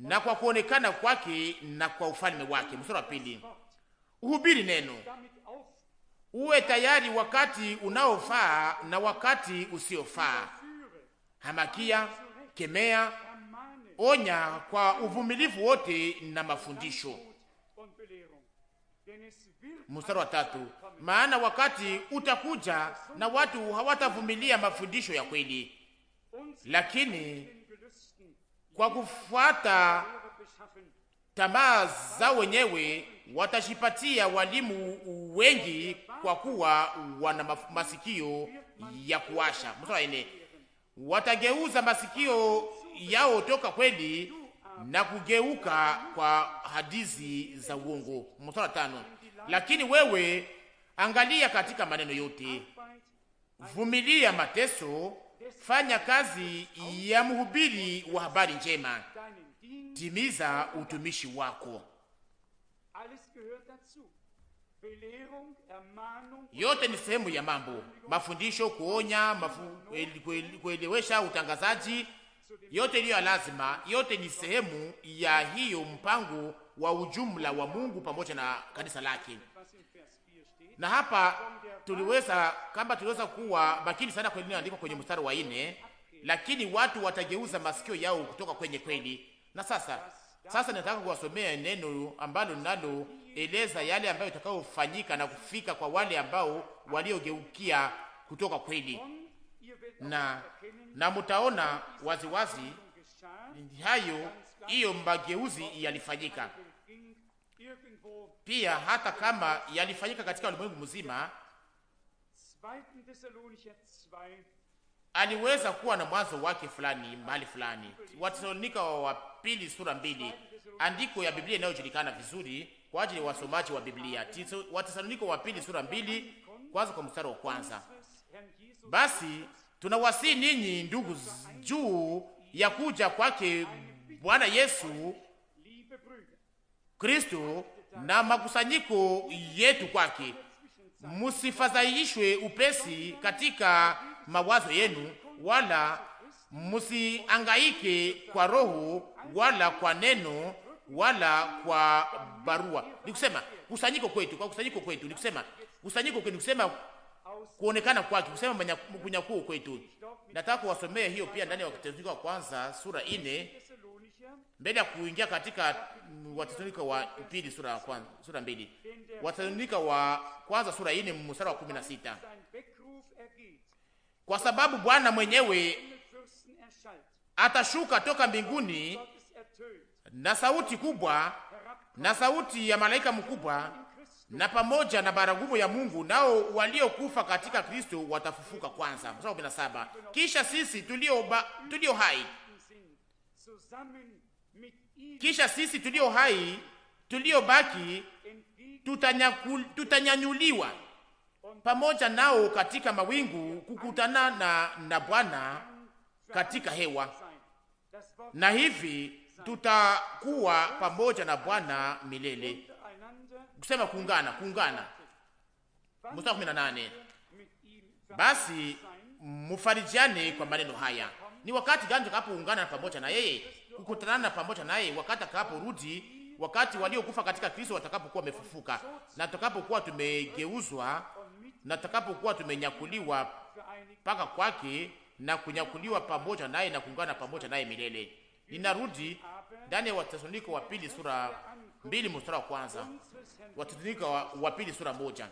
na kwa kuonekana kwake na kwa ufalme wake. Mstari wa pili, uhubiri neno, uwe tayari wakati unaofaa na wakati usiofaa. Hamakia, kemea, onya kwa uvumilivu wote na mafundisho. Mstari wa tatu, maana wakati utakuja na watu hawatavumilia mafundisho ya kweli, lakini kwa kufuata tamaa za wenyewe watashipatia walimu wengi, kwa kuwa wana masikio ya kuwasha. Mstari ine, watageuza masikio yao toka kweli na kugeuka kwa hadithi za uongo. Mstari tano, lakini wewe angalia katika maneno yote, vumilia mateso fanya kazi ya mhubiri wa habari njema, timiza utumishi wako. Yote ni sehemu ya mambo mafundisho, kuonya, mafu, kuelewesha, utangazaji, yote iliyo lazima, yote ni sehemu ya hiyo mpango wa ujumla wa Mungu pamoja na kanisa lake. Na hapa tuliweza kama tuliweza kuwa makini sana kwenye andiko kwenye mstari wa nne, lakini watu watageuza masikio yao kutoka kwenye kweli. Na sasa sasa nataka kuwasomea neno ambalo nalo eleza yale ambayo itakayofanyika na kufika kwa wale ambao waliogeukia kutoka kweli, na na mtaona waziwazi hayo, hiyo mageuzi yalifanyika pia hata kama yalifanyika katika ulimwengu mzima, aliweza kuwa na mwanzo wake fulani mahali fulani. Watesalonika wa pili sura mbili, andiko ya Biblia inayojulikana vizuri kwa ajili ya wasomaji wa Biblia. Watesalonika wa pili sura mbili, kwanza kwa mstari wa kwanza: basi tunawasii ninyi ndugu, juu ya kuja kwake Bwana Yesu Kristo na makusanyiko yetu kwake. Musifadhaishwe upesi katika mawazo yenu, wala musiangaike kwa roho wala kwa neno wala kwa barua. kusema kusanyiko kwetu, kwa kusanyiko kwetu, kusema kusanyiko kwetu, kusema kuonekana kwake, kusema kunyakuo kwetu. Nataka kuwasomea hiyo pia ndani ya Wathesalonike wa kwanza sura ine mbele ya kuingia katika Watesalonika wa pili sura ya kwanza, sura mbili Watesalonika wa kwanza sura ine mstari wa kumi na sita kwa sababu Bwana mwenyewe atashuka toka mbinguni na sauti kubwa na sauti ya malaika mkubwa na pamoja na baragumu ya Mungu, nao waliokufa katika Kristo watafufuka kwanza. Mstari wa 17, kisha sisi tulio ba, tulio hai kisha sisi tulio hai tuliobaki tutanyanyuliwa pamoja nao katika mawingu kukutana na, na Bwana katika hewa, na hivi tutakuwa pamoja na Bwana milele. Kusema kuungana, kuungana. Mstari kumi na nane, basi mufarijiane kwa maneno haya. Ni wakati gani tukapoungana pamoja na yeye? kukutanana pamoja naye wakati rudi wakati waliokufa katika Kristo watakapokuwa wamefufuka, na tutakapokuwa tumegeuzwa, na tutakapokuwa tumenyakuliwa mpaka kwake na kunyakuliwa pamoja naye na kuungana pamoja naye milele. Ninarudi ndani ya Wathesalonike wa pili sura mbili mstari wa kwanza, Wathesalonike wa pili sura moja.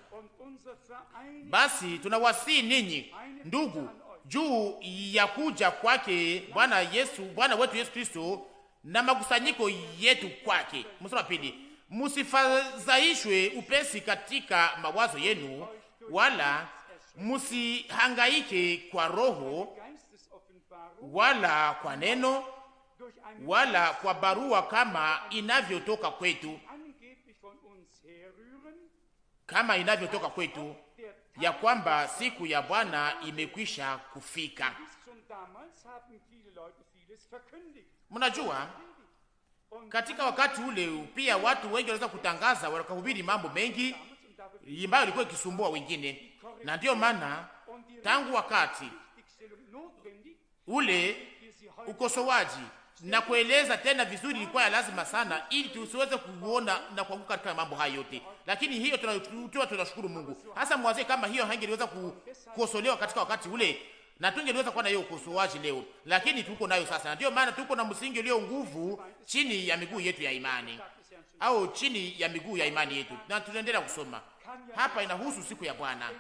Basi tunawasii ninyi ndugu juu ya kuja kwake Bwana Yesu, Bwana wetu Yesu Kristo na makusanyiko yetu kwake. Msoma pili, msifadhaishwe upesi katika mawazo yenu, wala musihangaike kwa roho wala kwa neno wala kwa barua kama inavyotoka kwetu, kama inavyotoka kwetu ya kwamba siku ya Bwana imekwisha kufika. Mnajua, katika wakati ule pia watu wengi waliweza kutangaza, wakahubiri mambo mengi ambayo ilikuwa ikisumbua wengine, na ndiyo maana tangu wakati ule ukosowaji na kueleza tena vizuri, ilikuwa ya lazima sana, ili tusiweze kuona na kuanguka katika mambo hayo yote. Lakini hiyo tunayotoa, tunashukuru Mungu hasa mwazee, kama hiyo haingeliweza kukosolewa katika wakati ule, na tungeliweza kuwa na hiyo ukosoaji leo, lakini tuko nayo sasa, na ndio maana tuko na msingi ulio nguvu chini ya miguu yetu ya imani, au chini ya miguu ya imani yetu, na tunaendelea kusoma hapa. Inahusu siku ya Bwana,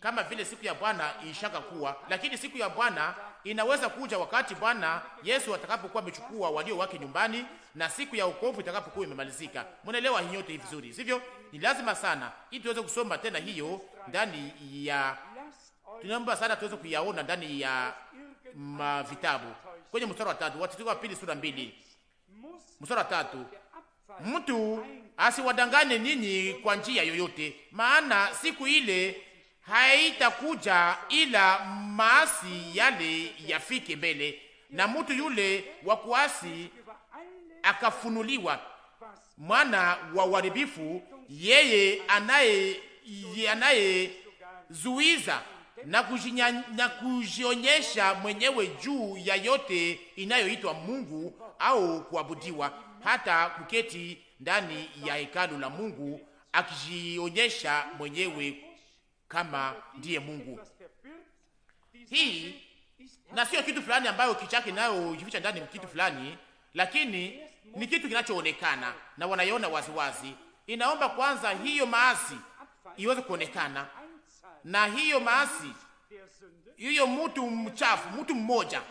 kama vile siku ya Bwana ishaka kuwa, lakini siku ya Bwana inaweza kuja wakati Bwana Yesu atakapokuwa amechukua walio wake nyumbani na siku ya wokovu itakapokuwa imemalizika. Mnaelewa hiyo yote vizuri, sivyo? Ni lazima sana ili tuweze kusoma tena hiyo ndani ya tunaomba sana tuweze kuyaona ndani ya mm, ah, vitabu kwenye mstari wa tatu, Wathesalonike wa pili sura mbili mstari wa tatu, mtu asiwadanganye ninyi kwa njia yoyote, maana siku ile haitakuja ila maasi yale yafike mbele, na mtu yule wa kuasi akafunuliwa, mwana wa uharibifu, yeye anaye anayezuiza na kujionyesha mwenyewe juu ya yote inayoitwa Mungu au kuabudiwa, hata kuketi ndani ya hekalu la Mungu akijionyesha mwenyewe kama ndiye Mungu. Hii na sio kitu fulani ambayo kichake nayo jificha ndani kitu fulani, lakini ni kitu kinachoonekana na wanaiona waziwazi. Inaomba kwanza hiyo maasi iweze kuonekana, na hiyo maasi hiyo, mtu mchafu, mtu mmoja,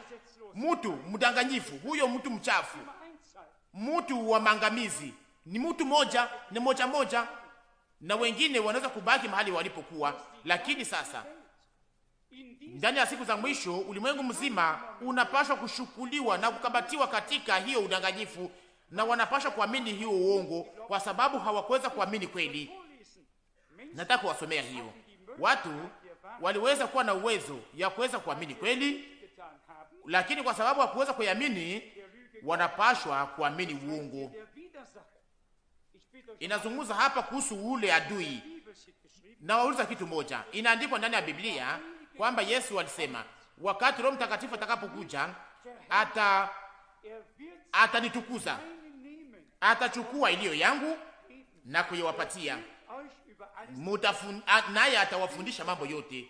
mtu mdanganyifu, huyo mtu mchafu, mtu wa maangamizi, ni mtu moja, ni moja moja na wengine wanaweza kubaki mahali walipokuwa. Lakini sasa ndani ya siku za mwisho ulimwengu mzima unapashwa kushukuliwa na kukabatiwa katika hiyo udanganyifu, na wanapashwa kuamini hiyo uongo, kwa sababu hawakuweza kuamini kweli. Nataka kuwasomea hiyo. Watu waliweza kuwa na uwezo ya kuweza kuamini kweli, lakini kwa sababu hawakuweza kuamini, wanapashwa kuamini uongo inazungumza hapa kuhusu ule adui. Na wauliza kitu moja, inaandikwa ndani ya Biblia kwamba Yesu alisema wakati Roho Mtakatifu atakapokuja ata atanitukuza, atachukua iliyo yangu na kuiwapatia naye atawafundisha mambo yote.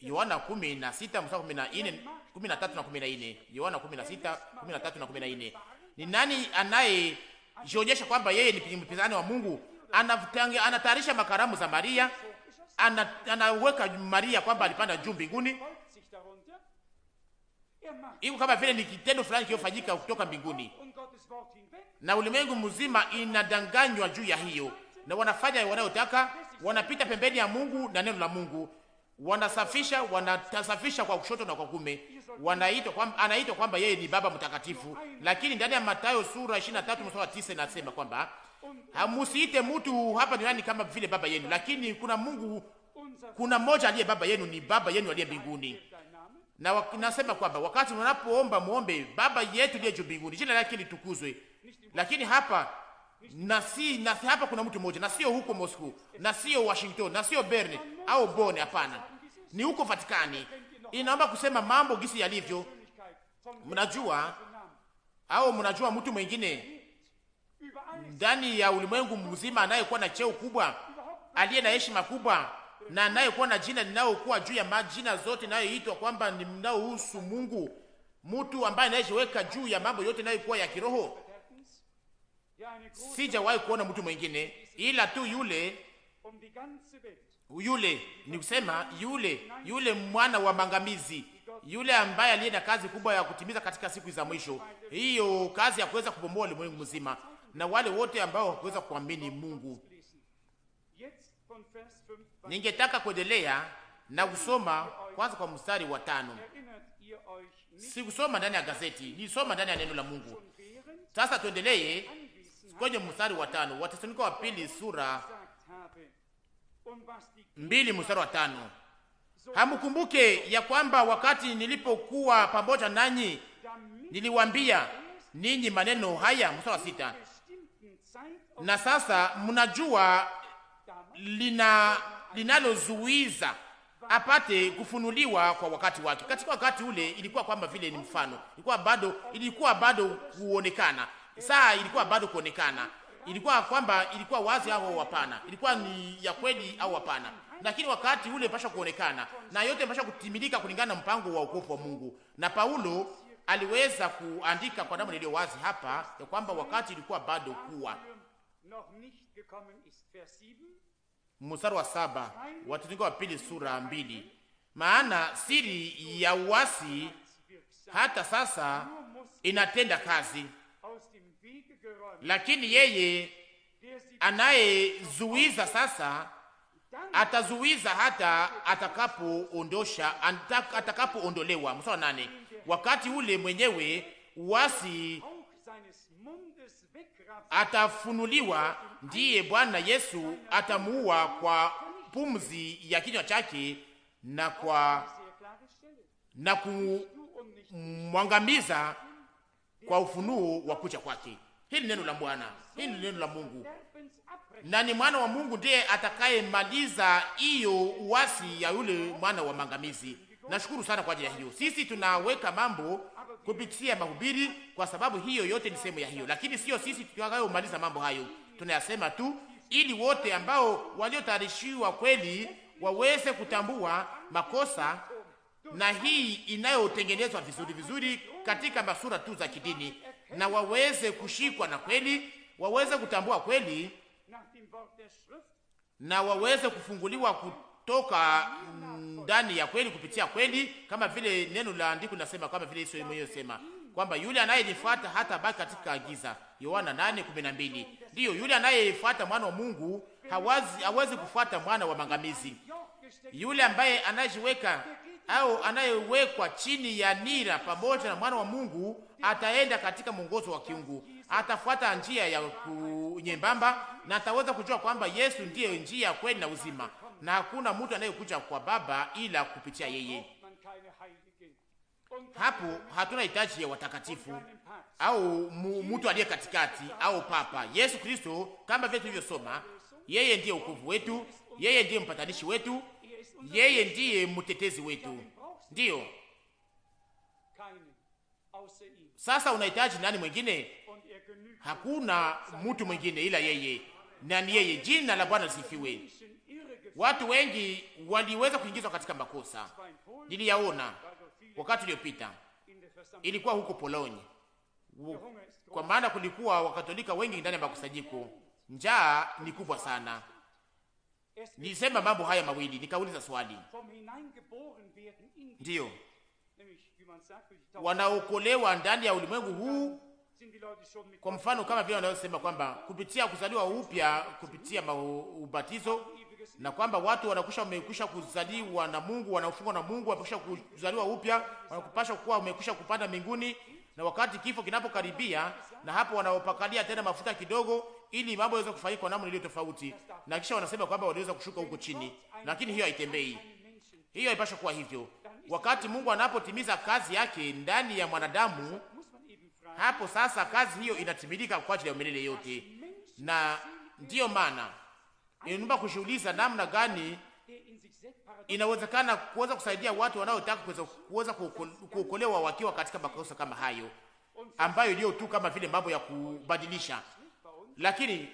Yohana 16:13 na 14. Yohana 16:13 na 14. Ni nani anaye jionyesha kwamba yeye ni mpinzani wa Mungu. Anatayarisha makaramu za Maria, anaweka Maria kwamba alipanda juu mbinguni, iko kama vile ni kitendo fulani kiliyofanyika kutoka mbinguni, na ulimwengu mzima inadanganywa juu ya hiyo, na wanafanya wanayotaka, wanapita pembeni ya Mungu na neno la Mungu wanasafisha wanatasafisha kwa kushoto na kwa kume, wanaitwa kwamba anaitwa kwamba yeye ni Baba Mtakatifu. Lakini ndani ya Mathayo sura 23 mstari wa 9 inasema kwamba hamusiite mtu hapa duniani kama vile baba yenu, lakini kuna Mungu, kuna mmoja aliye baba yenu, ni baba yenu aliye mbinguni. Na nasema kwamba wakati mnapoomba muombe Baba yetu aliye juu mbinguni, jina lake litukuzwe. Lakini hapa na si na si hapa kuna mtu mmoja, na sio huko Moscow, na sio Washington, na sio Bern au Bonn. Hapana, ni huko Vatikani. Inaomba kusema mambo gisi yalivyo. Mnajua au mnajua mtu mwingine ndani ya ulimwengu mzima anayekuwa na cheo kubwa, aliye na heshima kubwa, na anayekuwa na jina linayokuwa juu ya majina zote, nayoitwa kwamba ni mnaohusu Mungu, mtu ambaye anayejiweka juu ya mambo yote nayokuwa ya kiroho sijawahi kuona mtu mwingine ila tu yule yule, ni kusema yule yule mwana wa mangamizi, yule ambaye aliye na kazi kubwa ya kutimiza katika siku za mwisho, hiyo kazi ya kuweza kubomoa ulimwengu mzima na wale wote ambao hawakuweza kuamini Mungu. Ningetaka kuendelea na kusoma kwanza kwa mstari wa tano. Sikusoma ndani ya gazeti, nisoma ndani ya neno la Mungu. Sasa tuendelee kwenye mstari wa tano, Wathesalonike wa pili sura mbili mstari wa tano. Hamkumbuke ya kwamba wakati nilipokuwa pamoja nanyi niliwambia ninyi maneno haya. Mstari wa sita, na sasa mnajua lina linalozuiza apate kufunuliwa kwa wakati wake. Katika wakati ule ilikuwa kwamba vile ni mfano, ilikuwa bado ilikuwa bado kuonekana, saa ilikuwa bado kuonekana, ilikuwa kwamba ilikuwa wazi au hapana, ilikuwa ni ya kweli au hapana, lakini wakati ule pasha kuonekana na yote pasha kutimilika kulingana na mpango wa wokovu wa Mungu. Na Paulo aliweza kuandika kwa namna iliyo wazi hapa ya kwamba wakati ilikuwa bado kuwa mstari wa saba Wathesalonike wa pili sura mbili. Maana siri ya uasi hata sasa inatenda kazi lakini yeye anayezuiza sasa atazuiza hata atakapoondosha atakapoondolewa. Mstari nane, wakati ule mwenyewe uasi atafunuliwa, ndiye Bwana Yesu atamuua kwa pumzi ya kinywa chake na kwa na kumwangamiza kwa ufunuo wa kucha kwake hili neno la Bwana, hili neno la Mungu, na ni mwana wa Mungu ndiye atakayemaliza hiyo uasi ya yule mwana wa mangamizi. Nashukuru sana kwa ajili ya hiyo. Sisi tunaweka mambo kupitia mahubiri, kwa sababu hiyo yote ni sehemu ya hiyo, lakini sio sisi tutakayomaliza mambo hayo, tunayasema tu ili wote ambao waliotayarishiwa kweli waweze kutambua makosa na hii inayotengenezwa vizuri vizuri katika masura tu za kidini na waweze kushikwa na kweli, waweze kutambua kweli na waweze kufunguliwa kutoka ndani ya kweli kupitia kweli, kama vile neno la andiko linasema, kama vile Yesu mwenyewe sema kwamba yule anayejifuata hata baki katika giza, Yohana 8:12. Ndiyo, yule anayefuata mwana wa Mungu hawezi hawezi kufuata mwana wa mangamizi, yule ambaye anajiweka au anayewekwa chini ya nira pamoja na mwana wa Mungu ataenda katika mwongozo wa kiungu, atafuata njia ya kunyembamba na ataweza kujua kwamba Yesu ndiye njia ya kweli na uzima, na hakuna mtu anayekuja kwa Baba ila kupitia yeye. Hapo hatuna hitaji ya watakatifu au mtu aliye katikati au papa. Yesu Kristo, kama vile tulivyosoma, yeye ndiye ukovu wetu, yeye ndiye mpatanishi wetu yeye ndiye mtetezi wetu, ndiyo. Sasa unahitaji nani mwingine? Hakuna mtu mwingine ila yeye, na ni yeye. Jina la Bwana lisifiwe. Watu wengi waliweza kuingizwa katika makosa, niliyaona wakati uliopita, ilikuwa huko Poloni, kwa maana kulikuwa wakatolika wengi ndani ya makusanyiko. Njaa ni kubwa sana Nilisema mambo haya mawili, nikauliza swali. Ndiyo, wanaokolewa ndani ya ulimwengu huu, kwa mfano kama vile wanavyosema kwamba kupitia kuzaliwa upya kupitia ubatizo, na kwamba watu wanakusha wamekusha kuzaliwa na Mungu, wanaofungwa na Mungu, wamekusha kuzaliwa upya, wanakupasha kuwa wamekwisha kupanda mbinguni, na wakati kifo kinapokaribia, na hapo wanaopakalia tena mafuta kidogo ili mambo yaweze kufanyika kwa namna iliyo tofauti, na kisha wanasema kwamba waliweza kushuka huko chini, lakini hiyo haitembei. Hiyo haipaswi kuwa hivyo. Wakati Mungu anapotimiza kazi yake ndani ya mwanadamu, hapo sasa kazi hiyo inatimilika kwa ajili ya milele yote, na ndiyo maana inaomba kushughuliza namna gani inawezekana kuweza kusaidia watu wanaotaka kuweza kuokolewa wakiwa katika makosa kama hayo, ambayo iliyo tu kama vile mambo ya kubadilisha lakini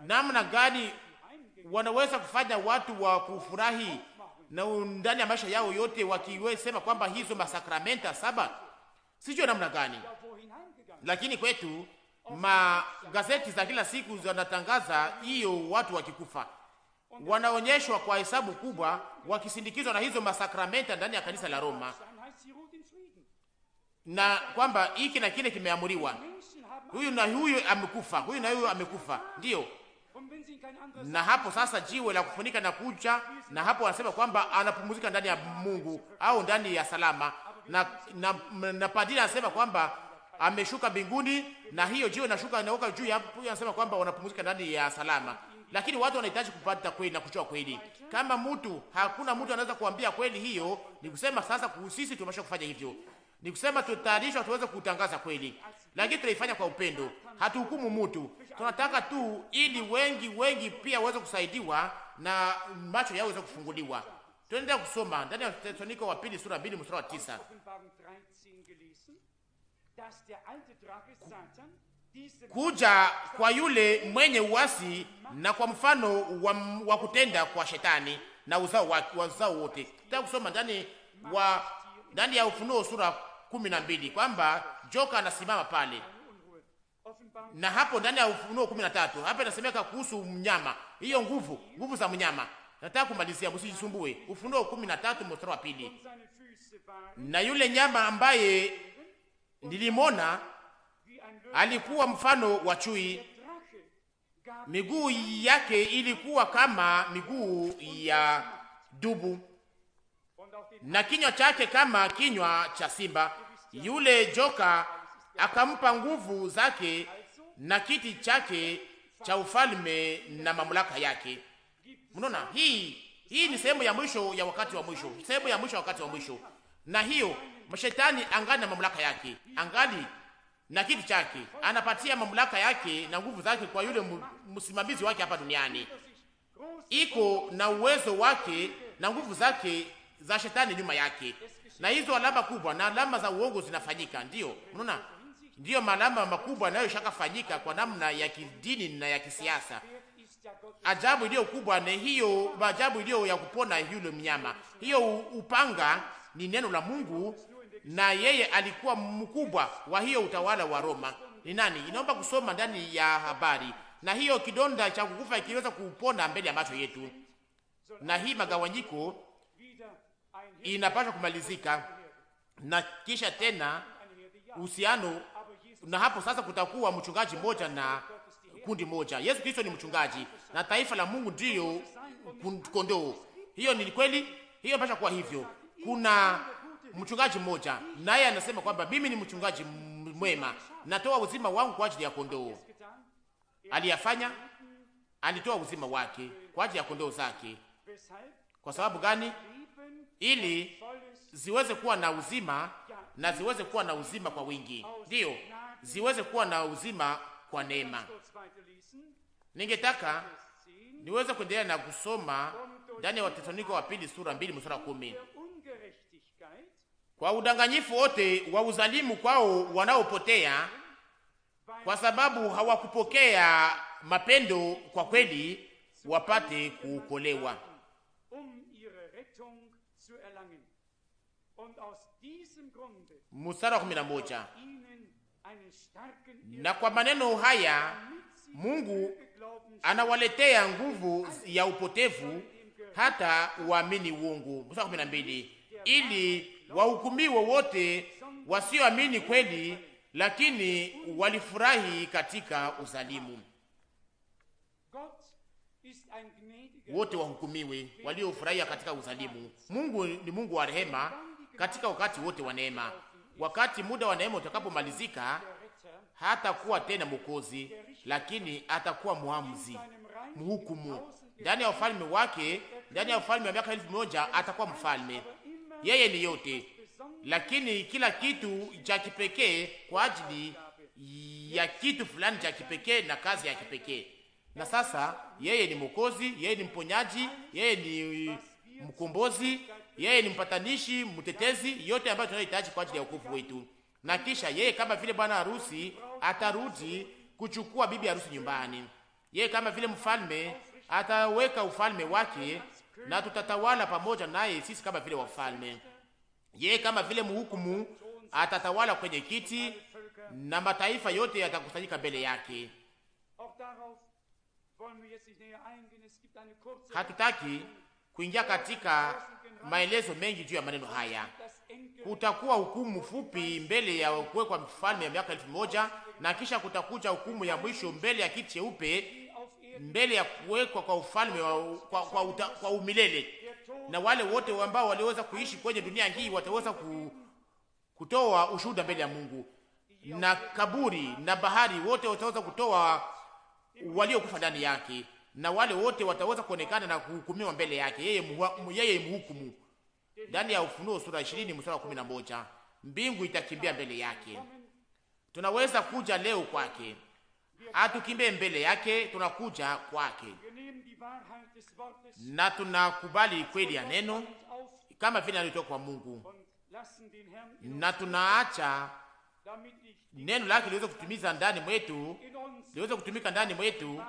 namna gani wanaweza kufanya watu wa kufurahi na ndani ya maisha yao yote wakiwesema kwamba hizo masakramenta saba sijue namna gani, lakini kwetu magazeti za kila siku zanatangaza hiyo, watu wakikufa wanaonyeshwa kwa hesabu kubwa, wakisindikizwa na hizo masakramenta ndani ya kanisa la Roma, na kwamba hiki na kile kimeamuriwa huyu na huyu amekufa, huyu na huyu amekufa, ndiyo. Na hapo sasa jiwe la kufunika na kuja, na hapo anasema kwamba anapumzika ndani ya Mungu au ndani ya salama, na na, na padiri anasema kwamba ameshuka mbinguni, na hiyo jiwe nashuka inauka juu ya hapo, anasema kwamba wanapumzika ndani ya salama. Lakini watu wanahitaji kupata kweli na kujua kweli. Kama mtu hakuna mtu anaweza kuambia kweli hiyo, ni kusema sasa sisi tumesha kufanya hivyo ni kusema tutayarishwa tuweze kutangaza kweli, lakini tunaifanya kwa upendo, hatuhukumu mtu. Tunataka tu ili wengi wengi pia waweze kusaidiwa na macho yao yaweze kufunguliwa. Tuendelea kusoma ndani ya Wathesalonike wa pili sura mbili mstari wa tisa kuja kwa yule mwenye uasi na kwa mfano wa, wa kutenda kwa shetani na uzao wa, wa uzao wote. Tutaka kusoma ndani wa ndani ya Ufunuo sura kumi na mbili kwamba joka anasimama pale, na hapo ndani ya Ufunuo kumi na tatu hapa inasemeka kuhusu mnyama, hiyo nguvu, nguvu za mnyama. Nataka kumalizia, msijisumbue. Ufunuo kumi na tatu mstari wa pili na yule nyama ambaye nilimona alikuwa mfano wa chui, miguu yake ilikuwa kama miguu ya dubu na kinywa chake kama kinywa cha simba, yule joka akampa nguvu zake na kiti chake cha ufalme na mamlaka yake. Mnaona, hii hii ni sehemu ya mwisho ya wakati wa mwisho, sehemu ya mwisho ya wakati wa mwisho. Na hiyo mashetani angali na mamlaka yake, angali na kiti chake, anapatia mamlaka yake na nguvu zake kwa yule msimamizi wake hapa duniani, iko na uwezo wake na nguvu zake za shetani nyuma yake na hizo alama kubwa na alama za uongo zinafanyika. Ndio unaona, ndiyo malama makubwa yanayoshakafanyika kwa namna ya kidini na ya kisiasa. Ajabu iliyo kubwa ni hiyo, ajabu iliyo ya kupona yule mnyama. Hiyo upanga ni neno la Mungu, na yeye alikuwa mkubwa wa hiyo utawala wa Roma. Ni nani? Inaomba kusoma ndani ya habari. Na hiyo kidonda cha kukufa ikiweza kupona mbele ya macho yetu, na hii magawanyiko inapaswa kumalizika, na kisha tena uhusiano na hapo sasa kutakuwa mchungaji mmoja na kundi moja. Yesu Kristo ni mchungaji na taifa la Mungu ndiyo kondoo. Hiyo ni kweli, hiyo inapaswa kuwa hivyo. Kuna mchungaji mmoja, naye anasema kwamba mimi ni mchungaji mwema, natoa uzima wangu kwa ajili ya kondoo. Aliyafanya, alitoa uzima wake kwa ajili ya kondoo zake. Kwa sababu gani? ili ziweze kuwa na uzima na ziweze kuwa na uzima kwa wingi, ndiyo ziweze kuwa na uzima kwa neema. Ningetaka niweze kuendelea na kusoma ndani ya Wathesalonike wa pili sura mbili mstari kumi kwa udanganyifu wote wa uzalimu kwao wanaopotea, kwa sababu hawakupokea mapendo kwa kweli, wapate kuokolewa. mstari wa kumi Na kwa maneno haya Mungu anawaletea nguvu ya upotevu hata waamini uongo. Mstari wa mbili, ili wahukumiwe wote wasioamini kweli, lakini walifurahi katika uzalimu. Wote wahukumiwe waliofurahia katika uzalimu. Mungu ni Mungu wa rehema katika wakati wote wa neema. Wakati muda wa neema utakapomalizika, hatakuwa tena mwokozi, lakini atakuwa mwamuzi, mhukumu ndani ya ufalme wake. Ndani ya ufalme wa miaka elfu moja atakuwa mfalme. Yeye ni yote, lakini kila kitu cha kipekee kwa ajili ya kitu fulani cha kipekee na kazi ya kipekee. Na sasa yeye ni mwokozi, yeye ni mponyaji, yeye ni mkombozi, yeye ni mpatanishi, mtetezi, yote ambayo tunayohitaji kwa ajili ya wokovu wetu. Na kisha yeye kama vile bwana harusi atarudi kuchukua bibi harusi nyumbani. Yeye kama vile mfalme ataweka ufalme wake na tutatawala pamoja naye sisi kama vile wafalme. Yeye kama vile mhukumu atatawala kwenye kiti na mataifa yote yatakusanyika mbele yake. Hatutaki kuingia katika maelezo mengi juu ya maneno haya. Kutakuwa hukumu fupi mbele ya kuwekwa mfalme ya miaka elfu moja na kisha kutakuja hukumu ya mwisho mbele ya kiti cheupe, mbele ya kuwekwa kwa ufalme wa, kwa, kwa, uta, kwa umilele, na wale wote ambao waliweza kuishi kwenye dunia hii wataweza ku, kutoa ushuhuda mbele ya Mungu, na kaburi na bahari wote wataweza kutoa waliokufa ndani yake na wale wote wataweza kuonekana na kuhukumiwa mbele yake yeye, muhukumu yeye mhukumu. Ndani ya Ufunuo sura 20 mstari wa 11, mbingu itakimbia mbele yake. Tunaweza kuja leo kwake, atukimbie mbele yake, tunakuja kwake na tunakubali kweli ya neno kama vile alitoka kwa Mungu, na tunaacha neno lake liweze kutimiza ndani mwetu liweze kutumika ndani mwetu,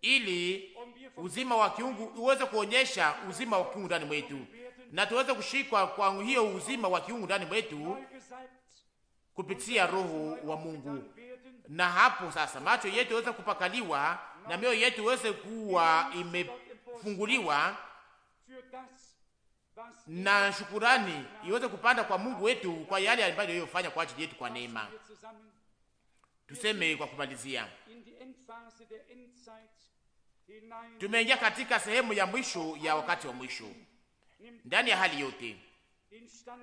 ili uzima wa kiungu uweze kuonyesha uzima wa kiungu ndani mwetu, na tuweze kushikwa kwa hiyo uzima wa kiungu ndani mwetu kupitia Roho wa Mungu. Na hapo sasa macho yetu iweze kupakaliwa na mioyo yetu iweze kuwa imefunguliwa na shukurani iweze kupanda kwa Mungu wetu kwa yale ambayo aliyofanya kwa ajili yetu kwa neema. Tuseme kwa kumalizia. Tumeingia katika sehemu ya mwisho ya wakati wa mwisho. Ndani ya hali yote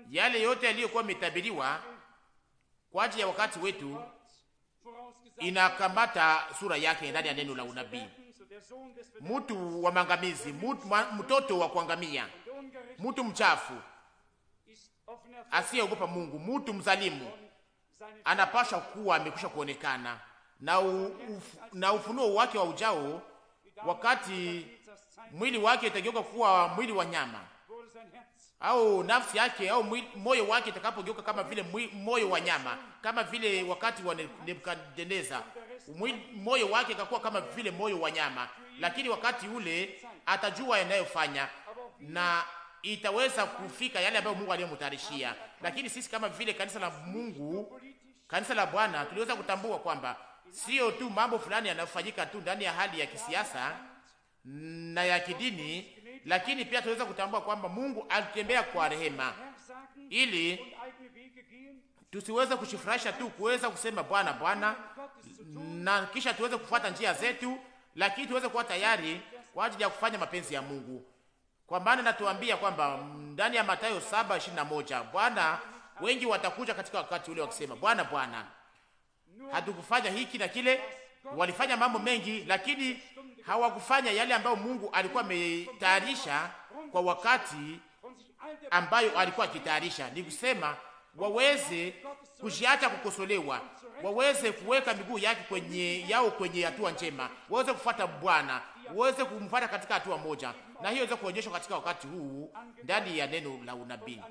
yale yote yaliyokuwa yametabiriwa kwa ajili ya wakati wetu inakamata sura yake ndani ya neno la unabii. Mtu wa mangamizi, mtoto wa kuangamia, mtu mchafu asiyeogopa Mungu, mtu mzalimu anapasha kuwa amekwisha kuonekana na, uf, na ufunuo wake wa ujao, wakati mwili wake itageuka kuwa mwili wa nyama au nafsi yake au moyo wake itakapogeuka kama vile moyo wa nyama, kama vile wakati wa Nebukadneza moyo wake ikakuwa kama vile moyo wa nyama, lakini wakati ule atajua yanayofanya na itaweza kufika yale ambayo Mungu aliyomtarishia. Lakini sisi kama vile kanisa la Mungu, kanisa la Bwana, tuliweza kutambua kwamba sio tu mambo fulani yanayofanyika tu ndani ya hali ya kisiasa na ya kidini, lakini pia tunaweza kutambua kwamba Mungu alitembea kwa rehema, ili tusiweze kushifurahisha tu kuweza kusema Bwana Bwana, na kisha tuweze kufuata njia zetu, lakini tuweze kuwa tayari kwa ajili ya kufanya mapenzi ya Mungu, kwa maana natuambia kwamba ndani ya Mathayo 7:21 Bwana, wengi watakuja katika wakati ule wakisema Bwana Bwana hatukufanya hiki na kile. Walifanya mambo mengi, lakini hawakufanya yale ambayo Mungu alikuwa ametayarisha kwa wakati ambayo alikuwa akitayarisha, ni kusema waweze kujiacha kukosolewa, waweze kuweka miguu yake kwenye yao kwenye hatua njema, waweze kufuata Bwana, waweze kumfuata katika hatua moja, na hiyo iweze kuonyeshwa katika wakati huu ndani ya neno la unabii.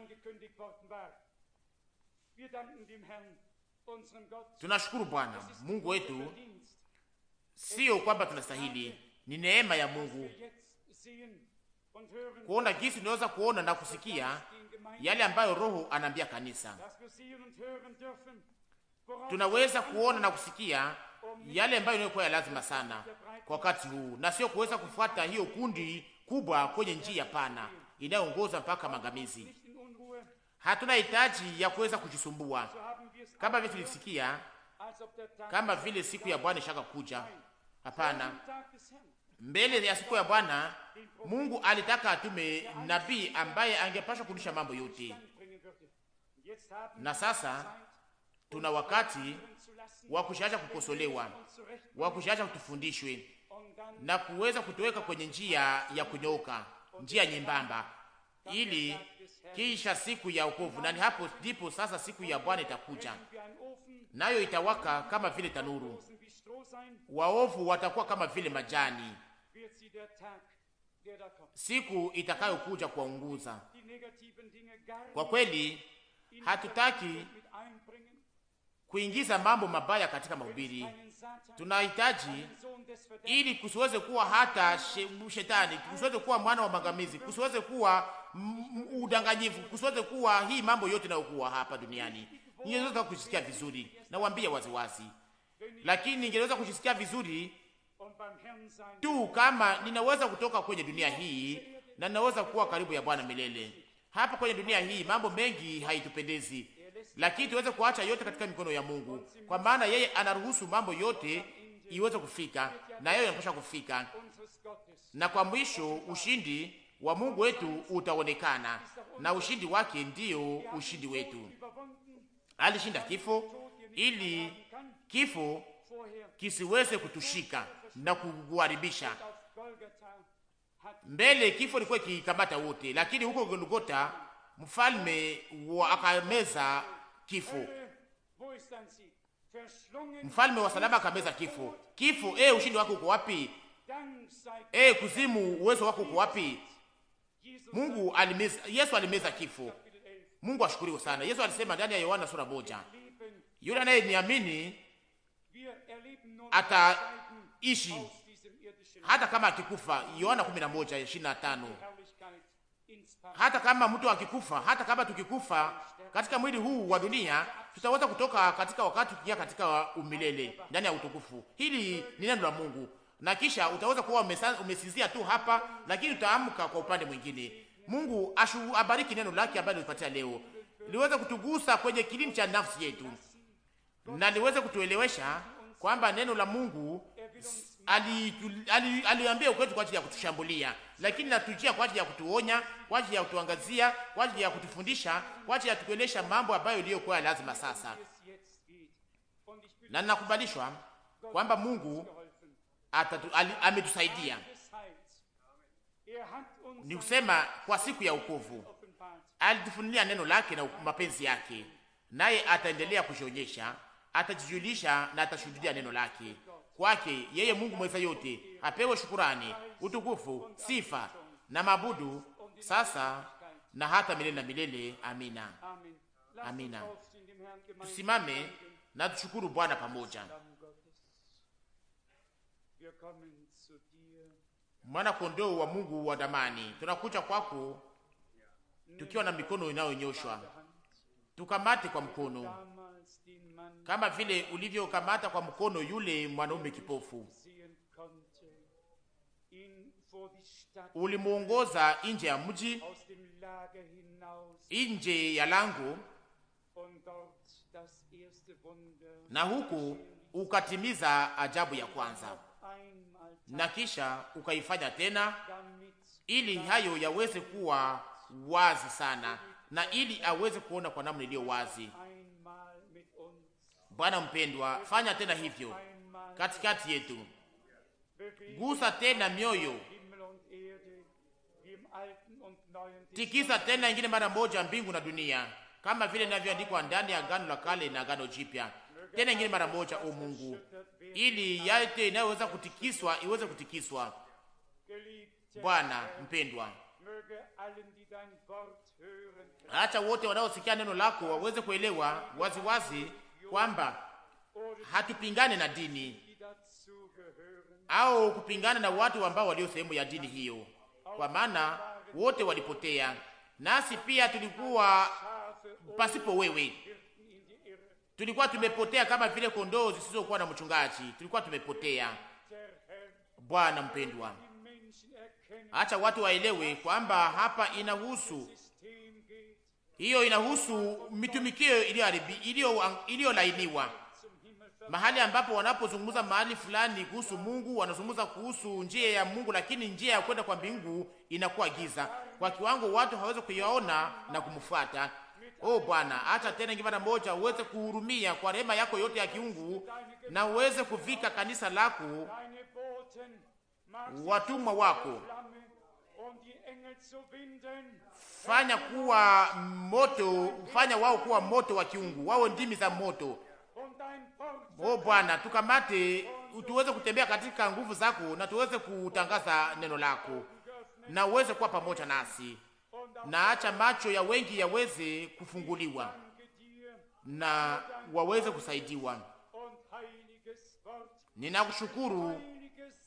Tunashukuru Bwana Mungu wetu, sio kwamba tunastahili, ni neema ya Mungu kuona jinsi tunaweza kuona na kusikia yale ambayo Roho anaambia kanisa. Tunaweza kuona na kusikia yale ambayo inayokuwa ya lazima sana kwa wakati huu, na sio kuweza kufuata hiyo kundi kubwa kwenye njia pana inayoongoza mpaka mangamizi Hatuna hitaji ya kuweza kujisumbua, kama vile tulisikia, kama vile siku ya Bwana ishaka kuja. Hapana, mbele ya siku ya Bwana Mungu alitaka atume nabii ambaye angepashwa kurudisha mambo yote, na sasa tuna wakati wa kushaacha kukosolewa, wa kushaacha kutufundishwe na kuweza kutoweka kwenye njia ya kunyoka, njia nyembamba, ili kisha siku ya wokovu, na ni hapo ndipo sasa siku ya Bwana itakuja, nayo itawaka kama vile tanuru, waovu watakuwa kama vile majani. Siku itakayokuja kuwaunguza. Kwa kweli, hatutaki kuingiza mambo mabaya katika mahubiri. Tunahitaji ili kusiweze kuwa hata shetani kusiweze kuwa mwana wa mangamizi, kusiweze kuwa udanganyifu, kusiweze kuwa hii mambo yote inayokuwa hapa duniani. Ningeweza kujisikia vizuri, nawaambia waziwazi, lakini ningeweza kujisikia vizuri tu kama ninaweza kutoka kwenye dunia hii na ninaweza kuwa karibu ya Bwana milele. Hapa kwenye dunia hii mambo mengi haitupendezi, lakini tuweze kuacha yote katika mikono ya Mungu, kwa maana yeye anaruhusu mambo yote iweze kufika na yeye yanapasha kufika. Na kwa mwisho ushindi wa Mungu wetu utaonekana na ushindi wake ndiyo ushindi wetu. Alishinda kifo ili kifo kisiweze kutushika na kukuharibisha. Mbele kifo ilikuwa ikikamata wote, lakini huko Golgota mfalme akameza kifo, mfalme wa salama akameza kifo. Kifo, e, ushindi wako uko wapi? E, kuzimu, uwezo wako uko wapi? Mungu alimeza, Yesu alimeza kifo. Mungu ashukuriwe sana. Yesu alisema ndani ya Yohana sura moja, yule niamini ataishi hata kama akikufa. Yohana 11:25. Hata kama mtu akikufa, hata kama tukikufa katika mwili huu wa dunia, tutaweza kutoka katika wakati tukia katika umilele ndani ya utukufu. Hili ni neno la Mungu na kisha utaweza kuwa umesinzia tu hapa, lakini utaamka kwa upande mwingine. Mungu ashu abariki neno lake ambalo tulipatia leo, liweze kutugusa kwenye kilindi cha nafsi yetu na liweze kutuelewesha kwamba neno la Mungu aliambia ali, ali ukwetu kwa ajili ya kutushambulia, lakini natujia kwa ajili ya kutuonya, kwa ajili ya kutuangazia, kwa ajili ya kutufundisha, kwa ajili ya kutuelesha mambo ambayo iliyokuwa lazima sasa. Na ninakubalishwa kwamba Mungu ametusaidia, ni kusema kwa siku ya ukovu alitufunulia neno lake na mapenzi yake, naye ataendelea kujionyesha, atajijulisha na atashuhudia neno lake. Kwake yeye Mungu mweza yote apewe shukurani, utukufu, sifa na mabudu sasa na hata milele na milele. Amina, amina. Tusimame na tushukuru Bwana pamoja. Mwana kondoo wa Mungu wa damani, tunakuja kwako tukiwa na mikono inayonyoshwa, tukamate kwa mkono kama vile ulivyokamata kwa mkono yule mwanaume kipofu, ulimuongoza nje ya mji, nje ya lango, na huku ukatimiza ajabu ya kwanza na kisha ukaifanya tena, ili hayo yaweze kuwa wazi sana na ili aweze kuona kwa namna iliyo wazi. Bwana mpendwa, fanya tena hivyo katikati yetu, gusa tena mioyo, tikisa tena ingine mara moja mbingu na dunia, kama vile inavyoandikwa ndani ya Agano la Kale na Agano Jipya tena ingine mara moja, o Mungu, ili yote inayoweza kutikiswa iweze kutikiswa. Bwana mpendwa, acha wote wanaosikia neno lako waweze kuelewa waziwazi kwamba hatupingane na dini au kupingana na watu ambao walio sehemu ya dini hiyo, kwa maana wote walipotea, nasi pia tulikuwa pasipo wewe Tulikuwa tumepotea kama vile kondoo zisizokuwa na mchungaji, tulikuwa tumepotea. Bwana mpendwa, acha watu waelewe kwamba hapa inahusu hiyo, inahusu mitumikio iliyolainiwa mahali ambapo wanapozungumza mahali fulani kuhusu Mungu, wanazungumza kuhusu njia ya Mungu, lakini njia ya kwenda kwa mbingu inakuwa giza kwa kiwango, watu hawawezi kuyaona na kumfuata. O oh, Bwana, acha tena ingivana moja uweze kuhurumia kwa rehema yako yote ya kiungu, na uweze kuvika kanisa lako watumwa wako, fanya kuwa moto, fanya wao kuwa moto wa kiungu, wao ndimi za moto. O oh, Bwana, tukamate tuweze kutembea katika nguvu zako, na tuweze kutangaza neno lako, na uweze kuwa pamoja nasi na acha macho ya wengi yaweze kufunguliwa na waweze kusaidiwa. Ninakushukuru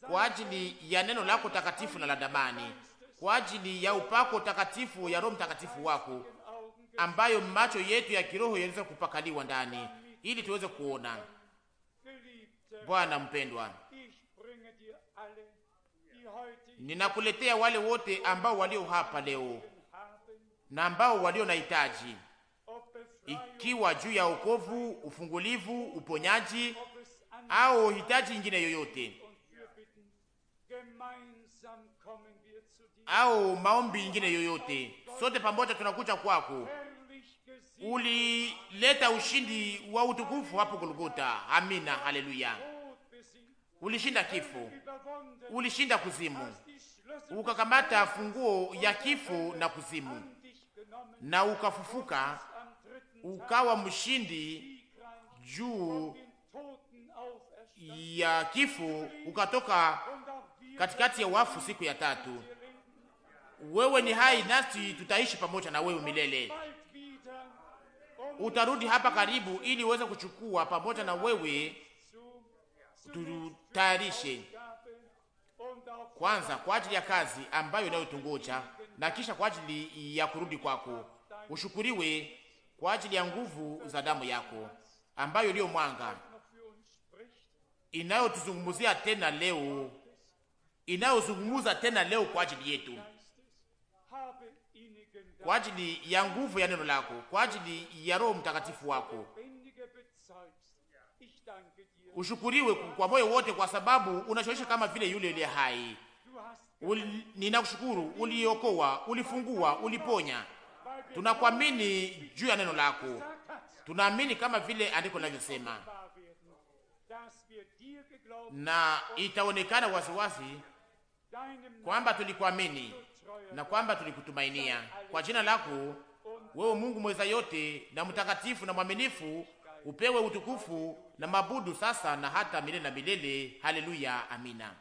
kwa ajili ya neno lako takatifu na la damani, kwa ajili ya upako takatifu ya Roho Mtakatifu wako ambayo macho yetu ya kiroho yaweze kupakaliwa ndani ili tuweze kuona. Bwana mpendwa, ninakuletea wale wote ambao walio hapa leo na ambao walio na hitaji, ikiwa juu ya wokovu, ufungulivu, uponyaji au hitaji nyingine yoyote au maombi ingine yoyote, sote pamoja tunakuja kwako. Ulileta ushindi wa utukufu hapo Golgota. Amina, haleluya. Ulishinda kifo, ulishinda kuzimu, ukakamata funguo ya kifo na kuzimu na ukafufuka ukawa mshindi juu ya kifo, ukatoka katikati ya wafu siku ya tatu. Wewe ni hai, nasi tutaishi pamoja na wewe milele. Utarudi hapa karibu, ili uweze kuchukua pamoja na wewe. Tutayarishe kwanza kwa ajili ya kazi ambayo inayotungoja na kisha kwa ajili ya kurudi kwako. Ushukuriwe kwa ajili ya nguvu za damu yako ambayo iliyo mwanga inayotuzungumzia tena leo, inayozungumza tena leo kwa ajili yetu, kwa ajili ya nguvu ya neno lako, kwa ajili ya Roho Mtakatifu wako. Ushukuriwe kwa moyo wote, kwa sababu unachoisha kama vile yule yule hai uli, ninakushukuru uliokoa, ulifungua, uliponya. Tunakuamini juu ya neno lako, tunaamini kama vile andiko linavyosema, na itaonekana waziwazi kwamba tulikuamini na kwamba tulikutumainia. Kwa jina lako wewe Mungu mweza yote na mtakatifu na mwaminifu, upewe utukufu na mabudu sasa na hata milele na milele. Haleluya, amina.